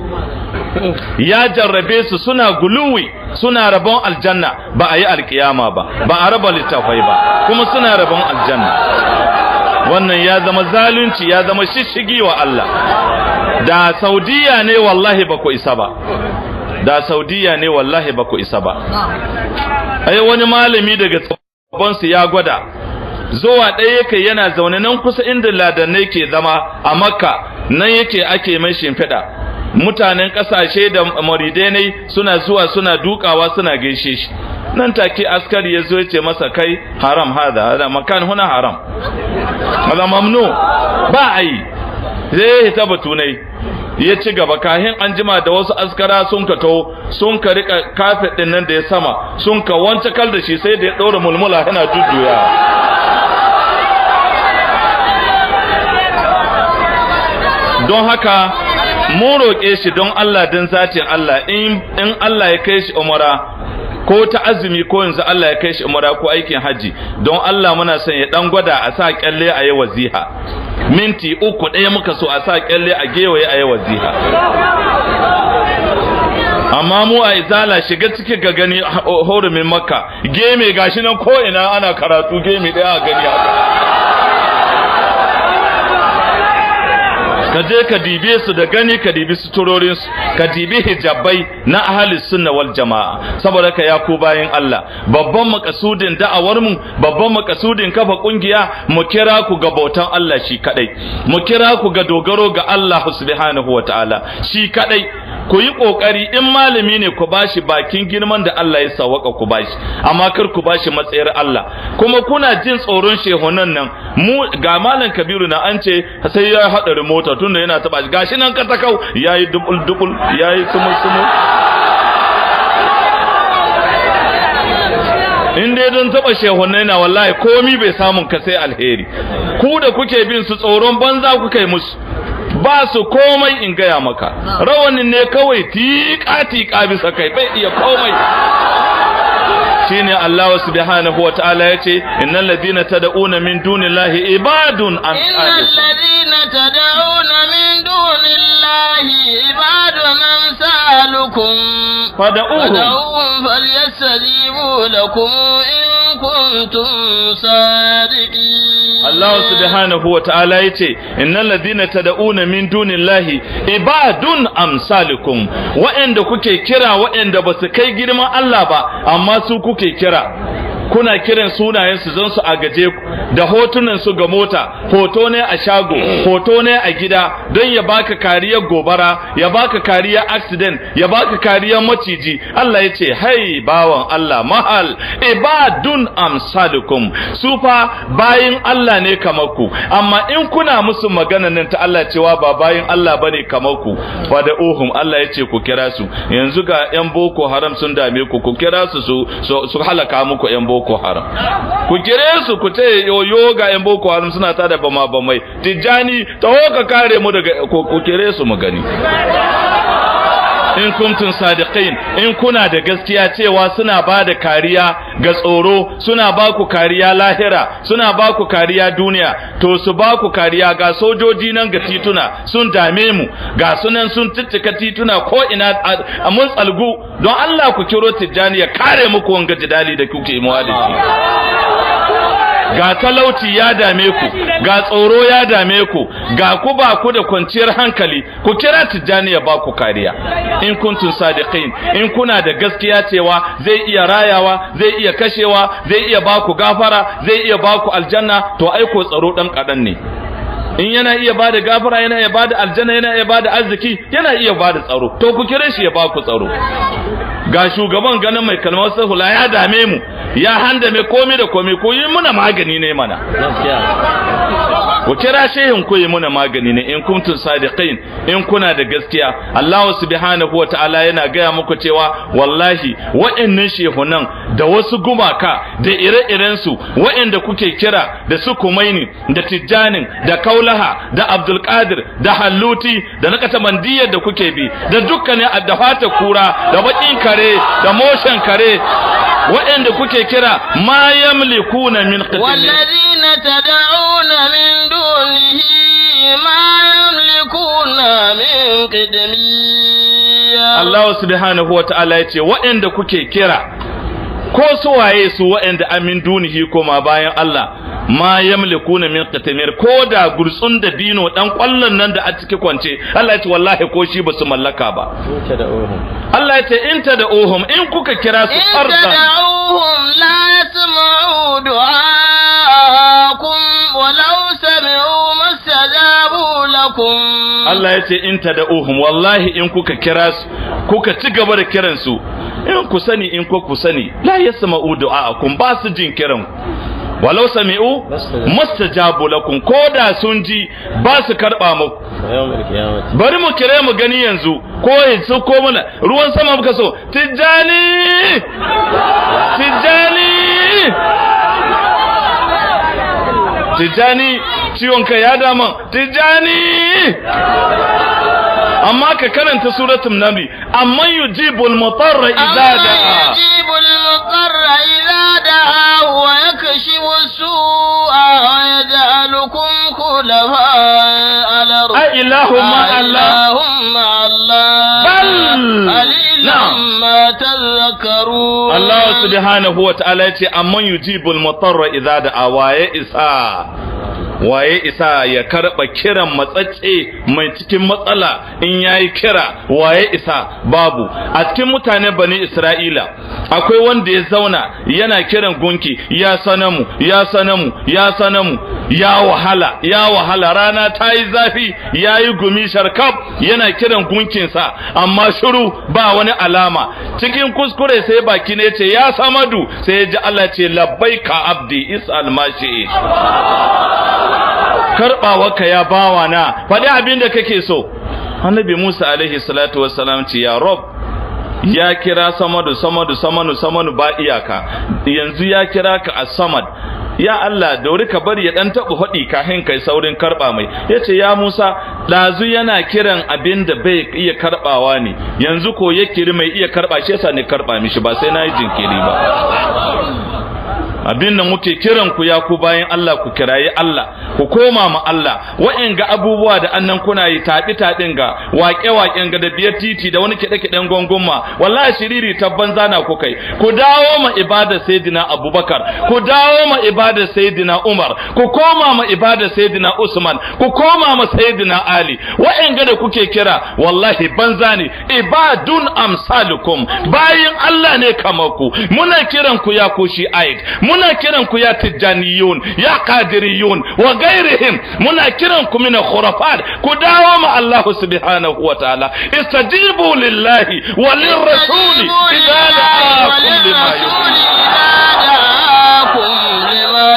ya jarrabe su suna guluwi suna rabon aljanna ba a yi alkiyama ba ba a raba littafai ba kuma suna rabon aljanna wannan ya zama zalunci ya zama shishigi wa Allah da saudiya ne wallahi ba ku isa ba da saudiya ne wallahi ba ku isa ba ai wani malami daga tsabansu ya gwada zuwa ɗaya yake yana zaune nan kusa inda ladannai ke zama a makka nan yake ake mai shimfiɗa mutanen kasashe da maridenai suna zuwa suna dukawa suna gaishe shi nan take askari ya zo ce masa kai haram hada hada makan huna haram hada mamnu ba a yi zai hita batunai ya ci gaba kahin an jima da wasu askara sun ka taho sun ka rika kafet din nan da ya sama sun ka wance kal da shi sai da ya ɗora mulmula yana dudduya. don haka mun roƙe shi don Allah don zatin Allah in Allah ya kai shi umara ko ta azumi ko yanzu Allah ya kai shi umara ko aikin hajji, don Allah muna son ya dan gwada a sa kyalle a yi waziha minti uku ɗaya muka so a sa kyalle a gewaye a yi waziha amma mu a izala shiga cikin ga gani horumin makka geme gashi nan ko ina ana karatu geme ɗaya a gani haka ka je ka dibe su da gani ka dibi suturorin su ka dibi hijabai na ahli sunna wal jama'a saboda ka ya ku bayin Allah babban makasudin da'awar mu babban makasudin kafa kungiya mu kira ku ga bautan Allah shi kadai mu kira ku ga dogaro ga Allah subhanahu wataala shi kadai ku yi kokari in malami ne ku bashi bakin girman da Allah ya sawaka ku bashi amma kar ku bashi matsayar Allah kuma kuna jin tsoron shehunan nan mu ga malam Kabiru na an ce sai ya haɗa mota tunda yana taba shi gashi nan takau yayi dubul dubul yayi sumul sumul in dai don taba shehunai na wallahi komi bai samun ka sai alheri ku da kuke bin su tsoron banza kuka yi musu ba su komai in gaya maka rawanin ne kawai tiƙa tiƙa bisa kai bai iya komai shine Allah subhanahu wa ta'ala yace innal ladina tad'una min dunillahi ibadun an الذين تدعون من دون الله عباد سألكم فدعوهم فليستجيبوا لكم إن كنتم صادقين Allah subhanahu wa ta'ala ya ce, Innan ladina tada'una min dunillahi ibadun amsalikum wa'anda kuke kira wa'anda ba su kai girman Allah ba, amma su kuke kira. kuna kiran sunayensu zan su a gaje ku da hotunan su ga mota hoto ne a shago hoto ne a gida don ya baka kariyar gobara ya baka kariyar accident ya baka kariyar maciji Allah ya ce hai bawan Allah mahal ibadun amsalukum su fa bayin Allah ne kamar ku amma in kuna musu magana nan ta Allah cewa ba bayin Allah bane kamar ku fa uhum Allah ya ce ku kira su yanzu ga yan boko haram sun dame ku ku kira su su halaka muku yan boko boko haram ku kire su ku ce yoyo ga boko haram suna ta da bama bamai tijjani taho ka kare mu daga ku kire su mu gani in kuntun sadiqin in kuna da gaskiya cewa suna ba da kariya ga tsoro suna ba ku kariya lahira suna ba ku kariya duniya to su ba ku kariya ga sojoji nan ga tituna sun dame mu ga sunan sun tuttuka tituna ko ina a mun tsalgu don Allah ku kiro tijjani ya kare muku wanga jidali da kuke muhalin ga talauci ya dame ku ga tsoro ya dame ku ga ku ba ku da kwanciyar hankali ku kira tijjani ya ba ku kariya in kuntun sadiqin in kuna da gaskiya cewa zai iya rayawa zai iya kashewa zai iya ba ku gafara zai iya ba ku aljanna to aiko tsaro dan kadan ne in yana iya bada gafara yana iya bada aljanna yana iya bada arziki yana iya bada tsaro to ku kire shi ya ba ku tsaro ga shugaban ganin mai kalmar la ya dame mu ya handame komai da komai ko yi muna magani ne mana ku kira shehin ku yi muna magani ne in kuntum sadiqin in kuna da gaskiya Allah subhanahu wa ta'ala yana gaya muku cewa wallahi wa'annan shehunan da wasu gumaka da ire-irensu iren wa'anda kuke kira da su kumaini da tijjanin da kauri daulaha da abdulkadir da halluti da na katamandiyar da kuke bi da dukkanin da kura da bakin kare da motion kare waɗanda kuke kira ma yamlikuna min qitmir tad'una min dunihi ma Allah subhanahu wa ta'ala yace waɗanda kuke kira ko su waye su waɗanda amin dunihi koma bayan Allah ma na min qatamir ko da gurtsun da dino dan kwallon nan da a cikin kwance Allah ya ce wallahi ko shi basu mallaka ba Allah ya ce in ta da uhum in kuka kira su farda in ta la yasma'u kum walau sami'u Allah ya ce in tad'uhum wallahi in kuka kira su kuka ci gaba da kiran su in ku sani in ko ku sani la yasma'u du'a'akum ba su jin kiran walau sami'u mustajabu lakum ko da sun ji ba su karba mu bari mu kire mu gani yanzu ko yanzu ko mana ruwan sama muka so tijjani tijani tijjani ciwonka ya dama tijjani amma ka karanta suratul nabi amma yujibul mutarra idza da'a yujibul mutarra idza da'a wa yakshifu su'a wa yaj'alukum khulafa'a al-ard a ilahumma allah bal lamma tadhakkaru Allah subhanahu wa ta'ala yace amman yujibul mutarra idza da'a waye isa waye isa ya karba kiran matsatse mai cikin matsala in yayi kira waye isa babu a cikin mutane bani isra'ila akwai wanda ya zauna yana kiran gunki ya sanamu ya sanamu ya sanamu ya wahala ya wahala rana ta yi zafi ya yi gumi sharkaf yana kiran gunkinsa amma shiru ba wani wani alama cikin kuskure sai baki ne ce ya samadu sai ya ji Allah ce labbaika abdi is'al mashi karbawarka ya bawa na faɗi abin da kake so annabi Musa alaihi salatu wassalam ce ya rob ya kira samadu samadu samanu samanu ba iyaka yanzu ya kira ka a samad ya Allah dauri ka bari ya dan tabu hadi kahin kai saurin karba mai yace ya Musa ɗazu yana kiran abin da bai iya karɓawa ne yanzu ko ya kiri mai iya karba shi yasa ne karɓa mishi ba sai nayi jinkiri ba abin da muke kiran ku ya ku bayan Allah ku kirayi Allah ku koma ma Allah ga abubuwa da annan kuna yi taɓi taɓin ga waƙe waƙen ga da biyar titi da wani kiɗe kiɗen gongonma wallahi shiriri tabban zana ku kai ku dawo ma ibada sayyidina Abubakar ku dawo ma ibada sayyidina Umar ku koma ma ibada sayyidina Usman ku koma ma sayyidina Ali ga da kuke kira wallahi banza ne ibadun amsalukum bayin Allah ne kamar ku muna kiran ku ya ku shi aid muna kiran ku ya tijjaniyun ya qadiriyun wa ghairihim muna kiran ku min khurafat ku dawo ma Allah subhanahu wa ta'ala istajibu lillahi wa lirrasuli idza da'akum lima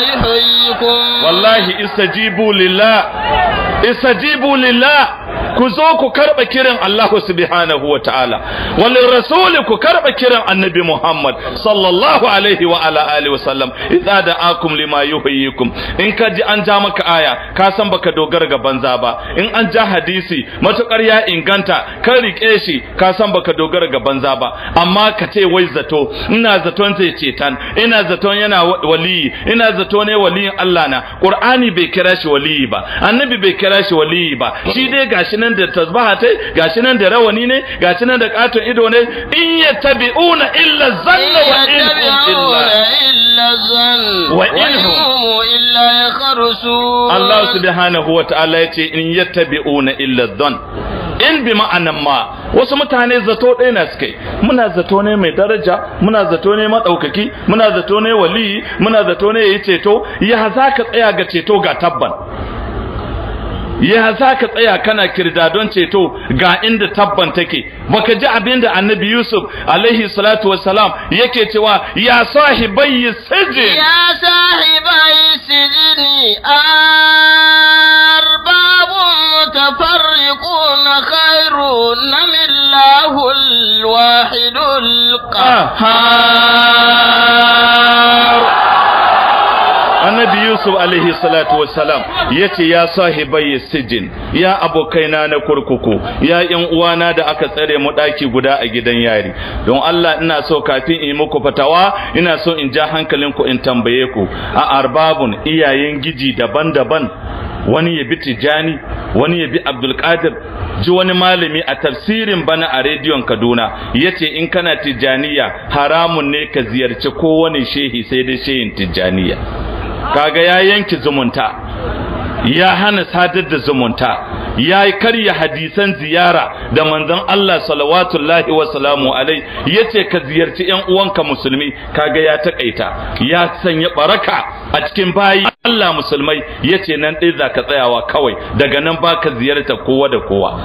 yuhyikum wallahi istajibu lillah istajibu lillah ku zo ku karba kiran Allah subhanahu wa ta'ala wal rasuli ku karba kiran annabi Muhammad sallallahu alaihi wa ala alihi wa sallam idza da'akum lima yuhyikum in ka ji an ja maka aya ka san baka dogara ga banza ba in an ja hadisi matukar ya inganta kan rike shi ka san baka dogara ga banza ba amma ka ce wai zato ina zaton zai cetan ina zaton yana waliyi ina zato ne waliyin Allah na Qur'ani bai kira shi waliyi ba annabi bai kira kira shi waliyi ba shi dai gashi nan da tasbaha ta gashi nan da rawani ne gashi nan da katon ido ne in ya tabi'una illa zanna wa in illa wa in hum illa yakhrusun Allah subhanahu wa ta'ala yace in illa zan in bi ma'anan ma wasu mutane zato ɗaya na suke muna zato ne mai daraja muna zato ne maɗaukaki muna zato ne waliyi muna zato ne ya yi ceto ya za ka tsaya ga ceto ga tabban ya za ka tsaya kana kirda don ceto ga inda tabban take baka ji abin da annabi yusuf alaihi salatu wassalam yake cewa ya sahibai sijin ya sahibai sijin arbabun mutafarriqun khairun nam alwahidul ah. qahhar annabi yusuf alaihi salatu wassalam ya ce ya sahibai sijin ya abokaina na kurkuku ya yan uwana da aka tsare mu ɗaki guda a gidan yari don allah ina so kafin in muku fatawa ina so in ja hankalinku in tambaye ku a arbabun iyayen giji daban-daban wani ya bi tijani wani ya bi abdulkadir ji wani malami a tafsirin bana a rediyon kaduna ya ce in kana tijaniya haramun ne ka ziyarci kowane shehi sai dai shehin tijaniya kaga ya yanki zumunta ya hana sadar da zumunta ya yi karya hadisan ziyara da manzon Allah salawatullahi wa salamu alai yace ka ziyarci yan uwanka musulmi kaga ya takaita ya sanya baraka a cikin bayi Allah musulmai yace nan dai zaka tsayawa kawai daga nan baka ziyarta kowa da kowa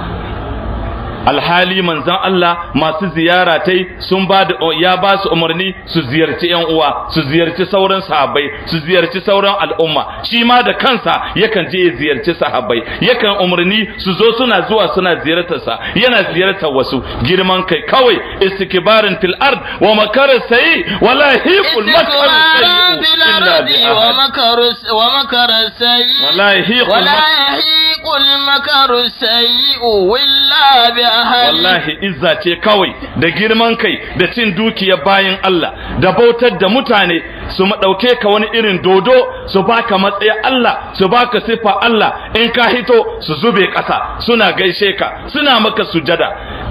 alhali manzon Allah masu ziyara sun ba da ya ba su umarni su ziyarci yan uwa su ziyarci sauran sahabbai su ziyarci sauran al'umma shi ma da kansa yakan je ya ziyarci sahabbai yakan umarni su zo suna zuwa suna ziyartar sa yana ziyartar wasu girman kai kawai istikbarin fil ard wa makar sayi wala hiqul makar sayi wa makar wa makar sayi wala hiqul makar sayi illa bi wallahi izza ce kawai da girman kai da cin dukiya bayan Allah da bautar da mutane su madauke ka wani irin dodo su baka matsayi Allah su baka siffa Allah in ka hito su zube ƙasa suna gaishe ka suna maka sujada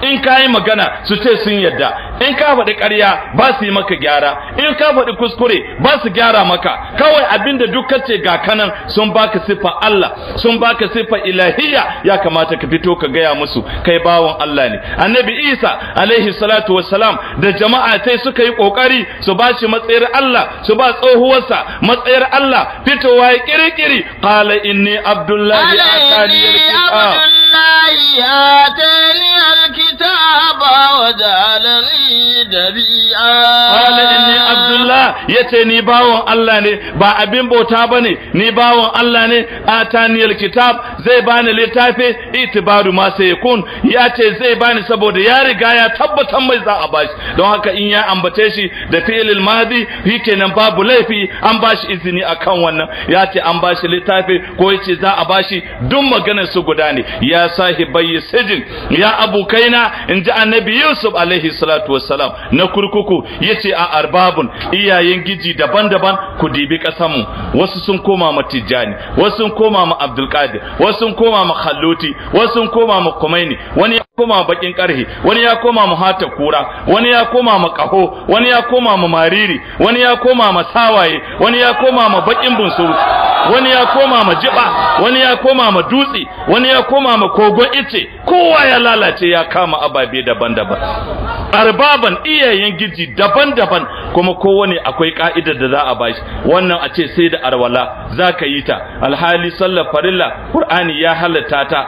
in ka yi magana su ce sun yadda in ka faɗi ƙarya ba su yi maka gyara in ka faɗi kuskure ba su gyara maka kawai abinda duk kace ga kanan sun baka sifa Allah sun baka siffa ilahiyya ya kamata ka fito ka gaya musu kai bawan Allah ne annabi Isa alaihi salatu wassalam da jama'a tai suka yi kokari su bashi matsayar Allah su ba tsohuwarsa matsayar Allah fitowa ya kirkiri qala inni abdullahi atani al-kitab الكتاب وجعلني نبيا قال إني عبد الله يتي ني باو الله ني با ne بوتا بني ني باو الله ني آتاني الكتاب زي باني لتافي itibaru ma ya ce zai bani saboda ya riga ya tabbatar mai za a bashi don haka in ya ambace shi da filin madi shikenan babu laifi an bashi izini akan wannan ya ce an bashi littafi ko yace za a bashi duk maganar su guda ne ya sahibai sijin ya abokai kaina in ji annabi yusuf alaihi salatu wassalam na kurkuku ya ce a arbabun iyayen giji daban-daban ku dibi ƙasanmu wasu sun koma ma tijjani wasu sun koma ma abdulkadir wasu sun koma ma khalluti wasu sun koma ma kumaini wani koma bakin karhe wani ya koma mu hata kura wani ya koma mu kaho wani ya koma mu mariri wani ya koma mu sawaye wani ya koma mu bakin bunsu wani ya koma mu jiba wani ya koma mu dutse wani ya koma mu kogon ice kowa ya lalace ya kama ababe daban-daban arbaban iyayen giji daban-daban kuma kowane akwai ka'idar da za a bashi wannan a ce sai da arwala za ka yi ta alhali sallar farilla qur'ani ya halatta ta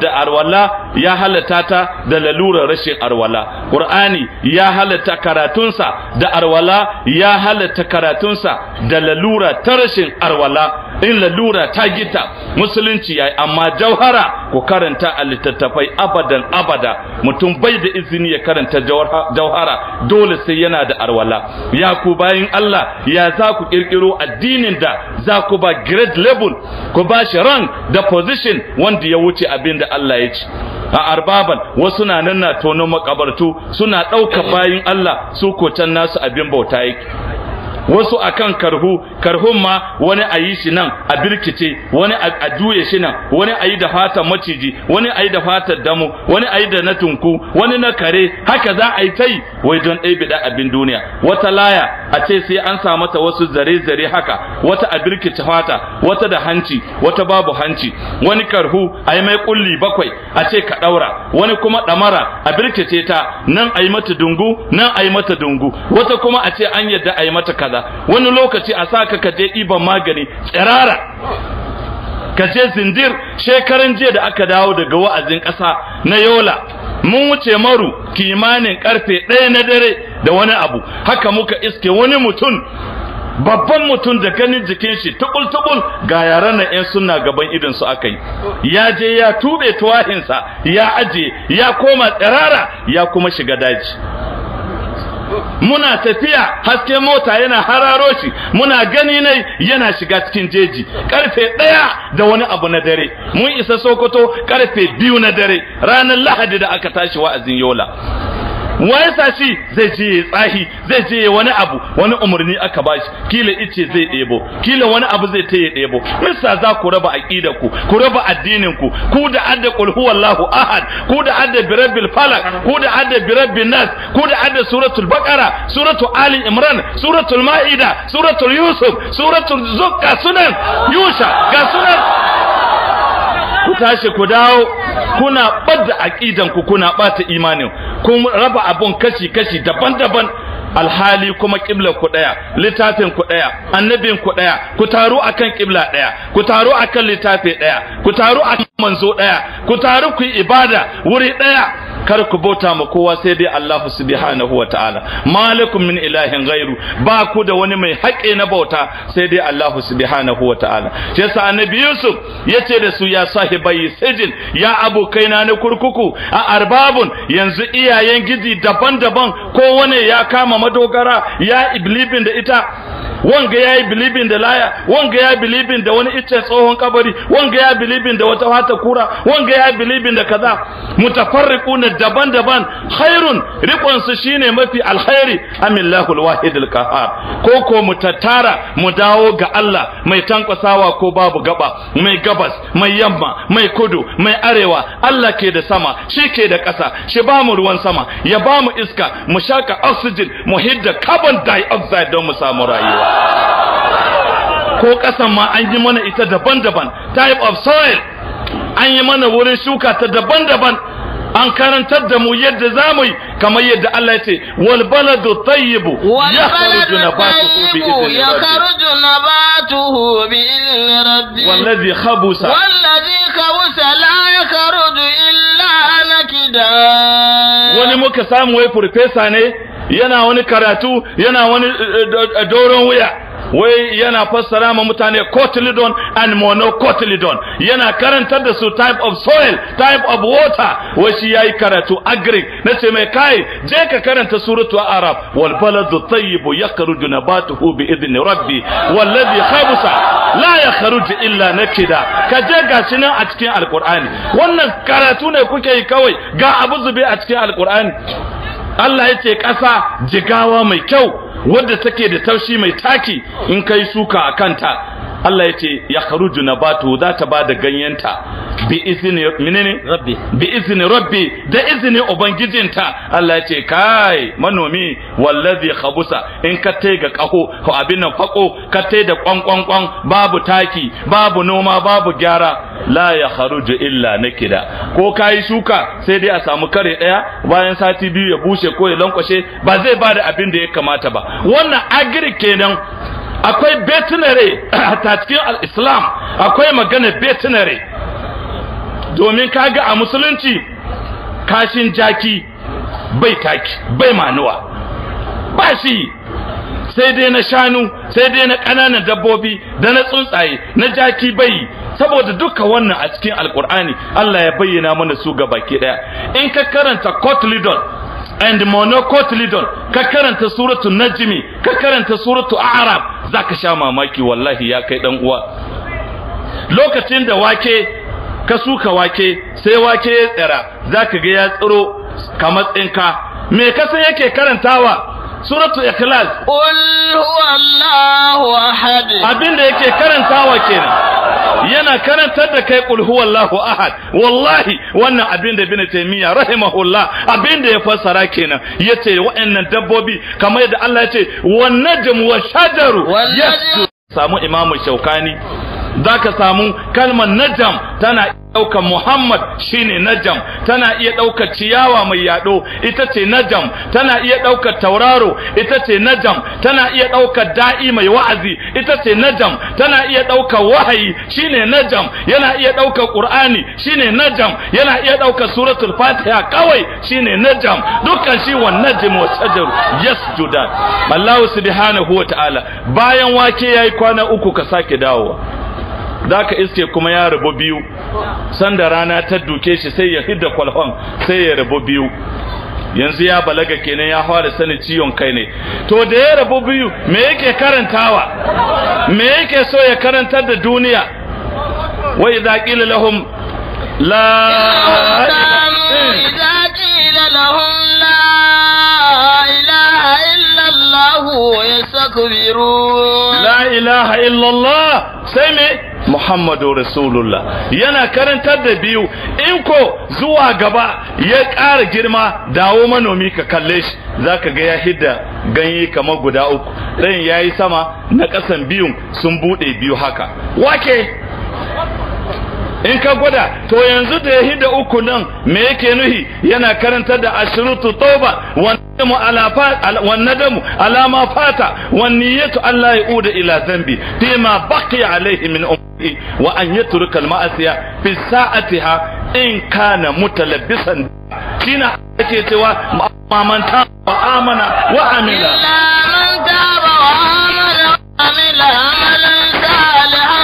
da arwala ya halatta matata da lalura rashin arwala qur'ani ya halatta karatunsa da arwala ya halatta karatunsa da lalura ta rashin arwala in lalura ta gita musulunci yayi amma jauhara ku karanta a littattafai abadan abada mutum bai da izini ya karanta jauhara dole sai yana da arwala ya ku bayin Allah ya za ku kirkiro addinin da za ku ba grade level ku ba shi rank da position wanda ya wuce abinda Allah ya ci a arbaban wasu na nan na tono makabartu suna ɗauka bayin Allah su ko can nasu abin bauta yake wasu akan karhu karhun ma wani a yi shi nan a birkice wani a juye shi nan wani a yi da fatan maciji wani a yi da fatan damu wani a yi da na tunku wani na kare haka za a yi ta wai don ɗaya bida abin duniya wata laya a ce sai an sa mata wasu zare-zare haka wata a birkice fata wata da hanci wata babu hanci wani karhu a yi mai kulli bakwai a ce ka ɗaura wani kuma ɗamara a birkice ta nan a yi mata dungu nan a yi mata dungu wata kuma a ce an yadda a yi mata kaza wani lokaci a sa ka je ɗiban magani tsirara ka je zindir shekaran jiya da aka dawo daga wa'azin ƙasa na yola mun wuce maru kimanin karfe ɗaya na dare da wani abu haka muka iske wani mutum babban mutum da ganin jikin shi tukul-tukul ga yaran na 'yan suna gaban idan su aka yi ya je ya tube tuwahinsa ya aje ya koma tsirara ya kuma shiga daji muna tafiya hasken mota yana hararo shi muna gani nai yana shiga cikin jeji karfe ɗaya da wani abu na dare mun isa sokoto karfe biyu na dare ranar lahadi da aka tashi wa'azin yola wai sa shi zai je ya tsahi zai je ya wani abu wani umarni aka bashi kila ice zai ɗebo kila wani abu zai ta ya ɗebo misa za ku raba aqida ku ku raba addinin ku ku da adda qul huwallahu ahad ku da adda birabbil falak ku da adda birabbin nas ku da adda suratul baqara suratul ali imran suratul maida suratul yusuf suratul zukka sunan yusha ga sunan ku tashi ku dawo kuna ɓadda aƙidanku kuna ɓata imanin kun raba abun kashi-kashi daban-daban alhali kuma kibla ku ɗaya, littafin ku daya annabin ku ɗaya, ku taru akan kibla ɗaya, ku taru akan littafi ɗaya, ku taru akan manzo daya ku taru ku ibada wuri ɗaya, kar ku bauta ma kowa sai dai Allah subhanahu wa ta'ala malakum min ilahin ghairu ba ku da wani mai haƙe na bauta sai dai Allah subhanahu wa ta'ala shi annabi Yusuf yace da su ya sahibai sijin ya abokaina na kurkuku a arbabun yanzu iyayen gidi daban-daban kowane ya kama kama madogara ya yi bilibin da ita wanga ya yi bilibin da laya wanga ya yi bilibin da wani iccen tsohon kabari wanga ya yi bilibin da wata wata kura wanga ya yi bilibin da kaza mutafarriqu na daban-daban khairun rikon su shine mafi alkhairi amillahul wahidul qahar ko ko mu tattara mu dawo ga Allah mai tankwasawa ko babu gaba mai gabas mai yamma mai kudu mai arewa Allah ke da sama shi ke da ƙasa shi ba mu ruwan sama ya ba mu iska mu shaka oxygen mu hidda carbon dioxide don mu samu rayuwa ko kasan ma an yi mana ita daban-daban type of soil an yi mana wurin shuka ta daban-daban an karantar da mu yadda za mu yi kamar yadda Allah ya ce wal baladu tayyibu ya kharuju nabatuhu bi rabbi khabusa khabusa la yakhruju illa nakida wani muka samu wai professor ne yana wani karatu yana wani eh, eh, eh, doron wuya wai yana fassara ma mutane cotyledon and monocotyledon yana karantar da su type of soil type of water wai shi yayi karatu na nace mai kai je ka karanta suratu arab wal baladu tayyibu yakhruju nabatuhu bi idni rabbi wallazi khabusa la yakhruju illa nakida ka je ga nan a cikin alqur'ani wannan karatu ne kuke yi kawai ga abu zubi a cikin alqur'ani Allah ya ce ƙasa jigawa mai kyau wadda take da taushi mai taki in kai shuka a kanta Allah ya ce ya kharuju nabatu za ta ba da ganyenta bi izini menene rabbi bi izini rabbi da izini ubangijinta Allah ya ce kai manomi wallazi khabusa in ka tai ga kaho ko abin nan fako ka tai da kwan kwan babu taki babu noma babu gyara la ya kharuju illa nakida ko kai shuka sai dai a samu kare daya bayan sati biyu ya bushe ko ya lankwashe ba zai ba da abin da ya kamata ba wannan agri kenan akwai betinare a cikin al'islam akwai magana betinare domin kaga a musulunci kashin jaki bai taki bai manuwa ba shi sai dai na shanu sai dai na ƙananan dabbobi da na tsuntsaye na jaki bai saboda duka wannan a cikin Alƙur'ani, Allah ya bayyana mana su ga baki ɗaya. in ka karanta cotlidon and monocotyledon ka karanta suratu najmi ka karanta suratu arab zaka sha mamaki wallahi ya kai dan uwa lokacin da wake ka suka wake sai wake ya tsira zaka ga ya tsiro kamar tsinka me kasan yake karantawa suratu ikhlas qul huwallahu ahad abinda yake karantawa kenan yana karantar da kai qul huwallahu ahad wallahi wannan abinda bin taymiya rahimahullah abinda ya fassara kenan yace wa'annan dabbobi kamar yadda Allah yace wan najmu wa shajaru samu imamu shaukani zaka samu kalmar najam tana ɗaukar Muhammad shine Najam tana iya ɗaukar ciyawa mai yaɗo ita ce Najam tana iya ɗaukar tauraro ita ce Najam tana iya ɗaukar da'i mai wa'azi ita ce Najam tana iya ɗaukar wahayi shine Najam yana iya ɗaukar Qur'ani shine Najam yana iya ɗaukar suratul Fatiha kawai shine Najam dukkan shi wa Najm wa Sajar yasjudan Allah subhanahu wa ta'ala bayan wake yayi kwana uku ka sake dawo. za ka iske kuma ya rabu biyu sanda rana ta duke shi sai ya hidda kwalhon sai ya rabu biyu yanzu ya balaga kenan ya fara sanin ciwon kai ne to da ya rabu biyu me yake karantawa me yake so ya karantar da duniya wa idza qila lahum la ilaha الله يستكبرون لا إله إلا الله سمع محمد رسول yana karantar da biyu in ko zuwa gaba ya ƙara girma dawo manomi ka kalle shi zaka ga ya hidda ganye kamar guda uku ɗayan ya yi sama na ƙasan biyun sun buɗe biyu haka wake in ka gwada to yanzu da yahi da uku nan me yake nuhi yana karanta da ashrutu tauba wannadamu ala ala ma fata wanniyatu Allah yauda ila zambi fima baqiya alayhi min umri wa an yatruka al ma'asiya fi sa'atiha in kana mutalabbisan kina ake cewa mamanta wa amana wa amila amila amalan salihan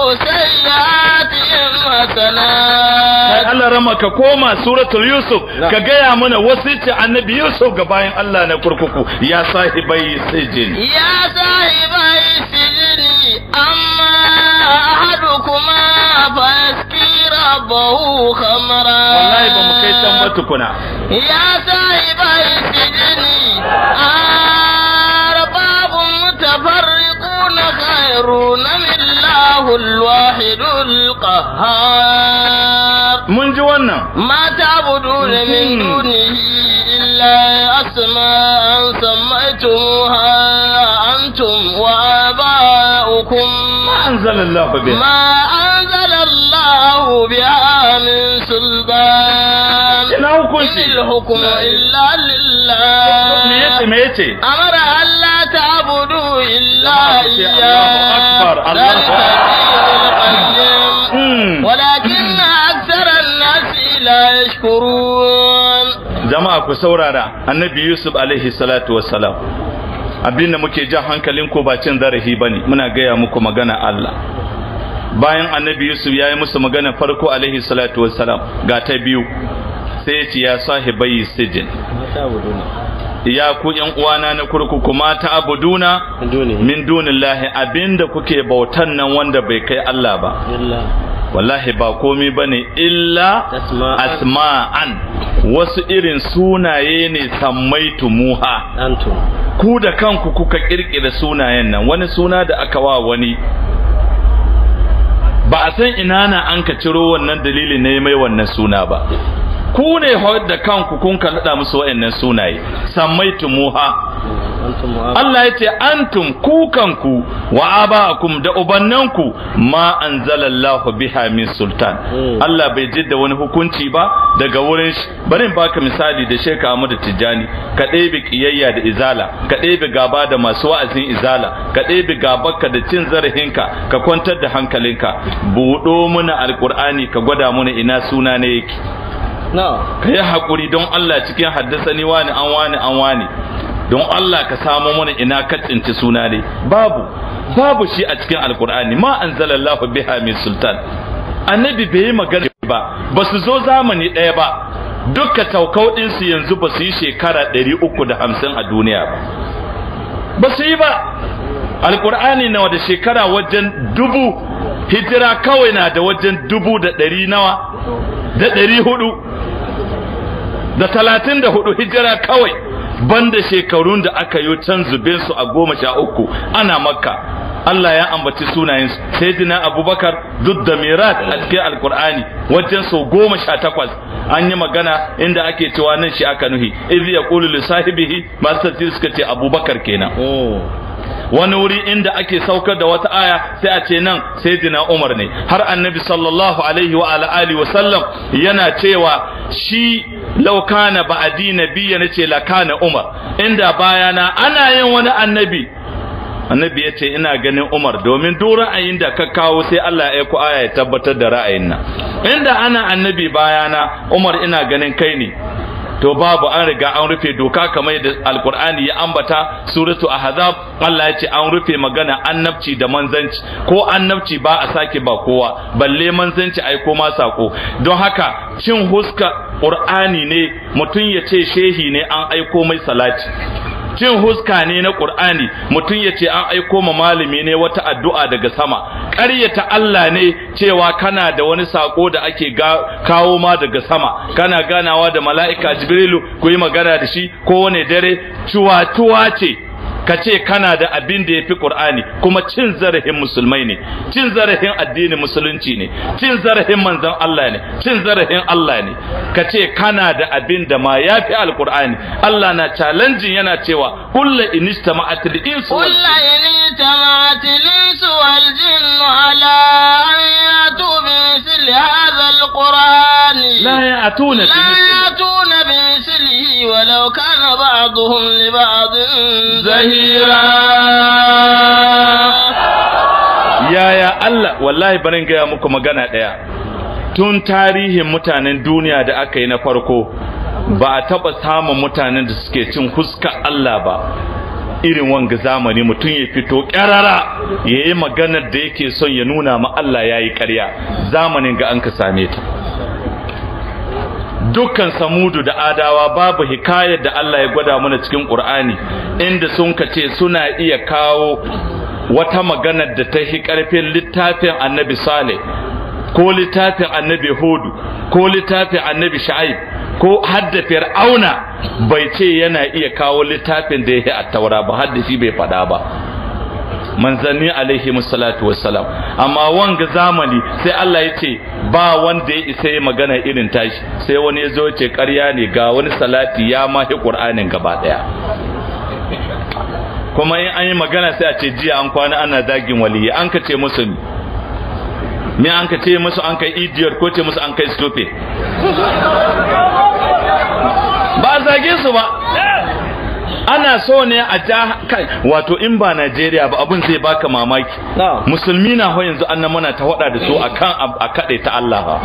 sayyi'atihim hasanat Allah rama ka koma suratul yusuf ka gaya mana wasicin annabi yusuf ga bayan Allah na kurkuku ya sahibai sijin ya sahibai sijin amma ahadukuma fa yaski rabbahu khamra wallahi ba mu kai can ba tukuna ya sahibai sijin arbabun mutafarriquna khairun min الله الواحد القهار من جوانا ما تعبدون من دونه إلا أسماء سميتموها أنتم وآباؤكم ما أنزل الله بها ما أنزل الله بها من سلطان إن الحكم إلا لله أمر ألا تعبدوا إلا إياه الله أكبر الله أكبر ولكن أكثر الناس لا يشكرون جماعة كسورة النبي يوسف عليه الصلاة والسلام abinda muke jan hankalinku ba cin zarafi ne muna gaya muku magana Allah bayan annabi Yusuf ya yi musu magana farko alaihi salatu wasalam ga ta biyu sai ya ce ya sahibai sijin ya ku yan uwana na kurkuku ma ta abuduna min dunillahi abinda kuke bautan nan wanda bai kai Allah ba wallahi ba komi bane illa asma'an wasu irin sunaye ne sammaitu muha ku da kanku kuka kirkira sunayen nan wani suna da aka wa wani ba a san ina na an ka ciro wannan dalili ne mai wannan suna ba ku ne da kanku kun ka nada musu wayannan sunaye tumuha. Allah yace ce antum ku kanku wa abakum da ubannanku ma anzalallahu biha min sultan hmm. Allah bai jidda wani hukunci ba daga wurin shi bari in baka misali da Sheikh Ahmad Tijjani ka ɗebe kiyayya da izala ka ɗebe gaba da masu wa'azin izala ka ɗebe ka da cin zarafinka ka kwantar da hankalinka buɗo muna alƙur'ani ka gwada muna ina suna ne yake ka yi haƙuri don Allah cikin haddasa ni wani an wani an wani don Allah ka samu mana ina ka tsinci suna ne babu babu shi a cikin alkur'ani ma anzalallahu biha min sultan annabi bai yi magana ba ba su zo zamani ɗaya ba duka taukau ɗinsu yanzu ba su yi shekara 350 a duniya ba ba su yi ba alkur'ani nawa da shekara wajen dubu hijira kawai na da wajen dubu da ɗari nawa da ɗari hudu da talatin da hudu hijira kawai banda shekarun da aka yi can zubinsu a goma sha uku ana makka Allah ya ambaci sunayensu dina abubakar duk da mirat a cikin alkur'ani wajen sau goma sha takwas an yi magana inda ake cewa nan shi aka nuhi izi ya lissafi lissahibihi masu suka ce abubakar kenan oh. wani wuri inda ake saukar da wata aya sai a ce nan sayyidina Umar ne har annabi sallallahu alaihi wa ala wa sallam yana cewa shi laukana kana ba'di nabiyya nace la kana Umar inda bayana ana yin wani annabi annabi ya ce ina ganin umar domin duk ra'ayin da ka kawo sai Allah ya ku aya ya tabbatar da ra'ayin nan inda ana annabi bayana umar ina ganin kai ne to babu an riga an rufe doka kamar yadda alkur'ani ya ambata suratu ahzab Allah ya ce an rufe magana annabci da manzanci ko annabci ba a sake ba kowa balle manzanci ai ma sako don haka cin huska qur'ani ne mutum ya ce shehi ne an aiko mai salati cin huska ne na ƙur'ani mutum ya ce an aiko ma malami ne wata addu'a daga sama ƙaryata Allah ne cewa kana da wani sako da ake kawo ma daga sama kana ganawa da mala'ika Jibrilu ku yi magana da shi ko wani dare tuwa tuwa ce ka ce kana da abin da ya fi ƙur'ani kuma cin zarafin musulmai ne cin zarafin addinin musulunci ne cin zarafin manzon Allah ne cin zarafin Allah ne ka ce kana da abin da ma ya fi alƙur'ani Allah na challenging yana cewa kulla inista ma'atil insu kulla inista ma'atil insu wal jin ala an bi misli hadha alqur'ani la yatuna bi به ولو كان بعضهم لبعض زهيرا يا يا الله والله barin gaya muku magana ɗaya tun tarihin mutanen duniya da aka yi na farko ba a taɓa samun mutanen da suke cin huska Allah ba irin wanga zamani mutum ya fito ƙyarara ya yi maganar da yake son ya nuna ma Allah ya yi karya. zamanin ga an ka same ta dukkan samudu da adawa babu hikayar da Allah ya gwada mana cikin Qur'ani inda sun kace suna iya kawo wata magana da ta hi karfin littafin Annabi Saleh ko littafin Annabi Hud ko littafin Annabi Shu'aib ko hadda Fir'auna bai ce yana iya kawo littafin da ya a taura ba hadda shi bai faɗa ba manzanni alaihi musallatu wassalam amma wanga zamani sai Allah ya ce ba wanda ya isa magana irin tashi sai wani ya zo ce ƙarya ne ga wani salati ya mahi qur'anin gaba daya kuma in an yi magana sai a ce jiya an kwana ana zagin waliyi an ka ce musu me an ka ce musu an kai idiot ko ce musu an kai stupid ba zage su ba ana so ne a ja kai wato in ba Najeriya ba abun zai baka mamaki musulmi na ho yanzu annan muna ta hada da su akan a kaɗe ta Allah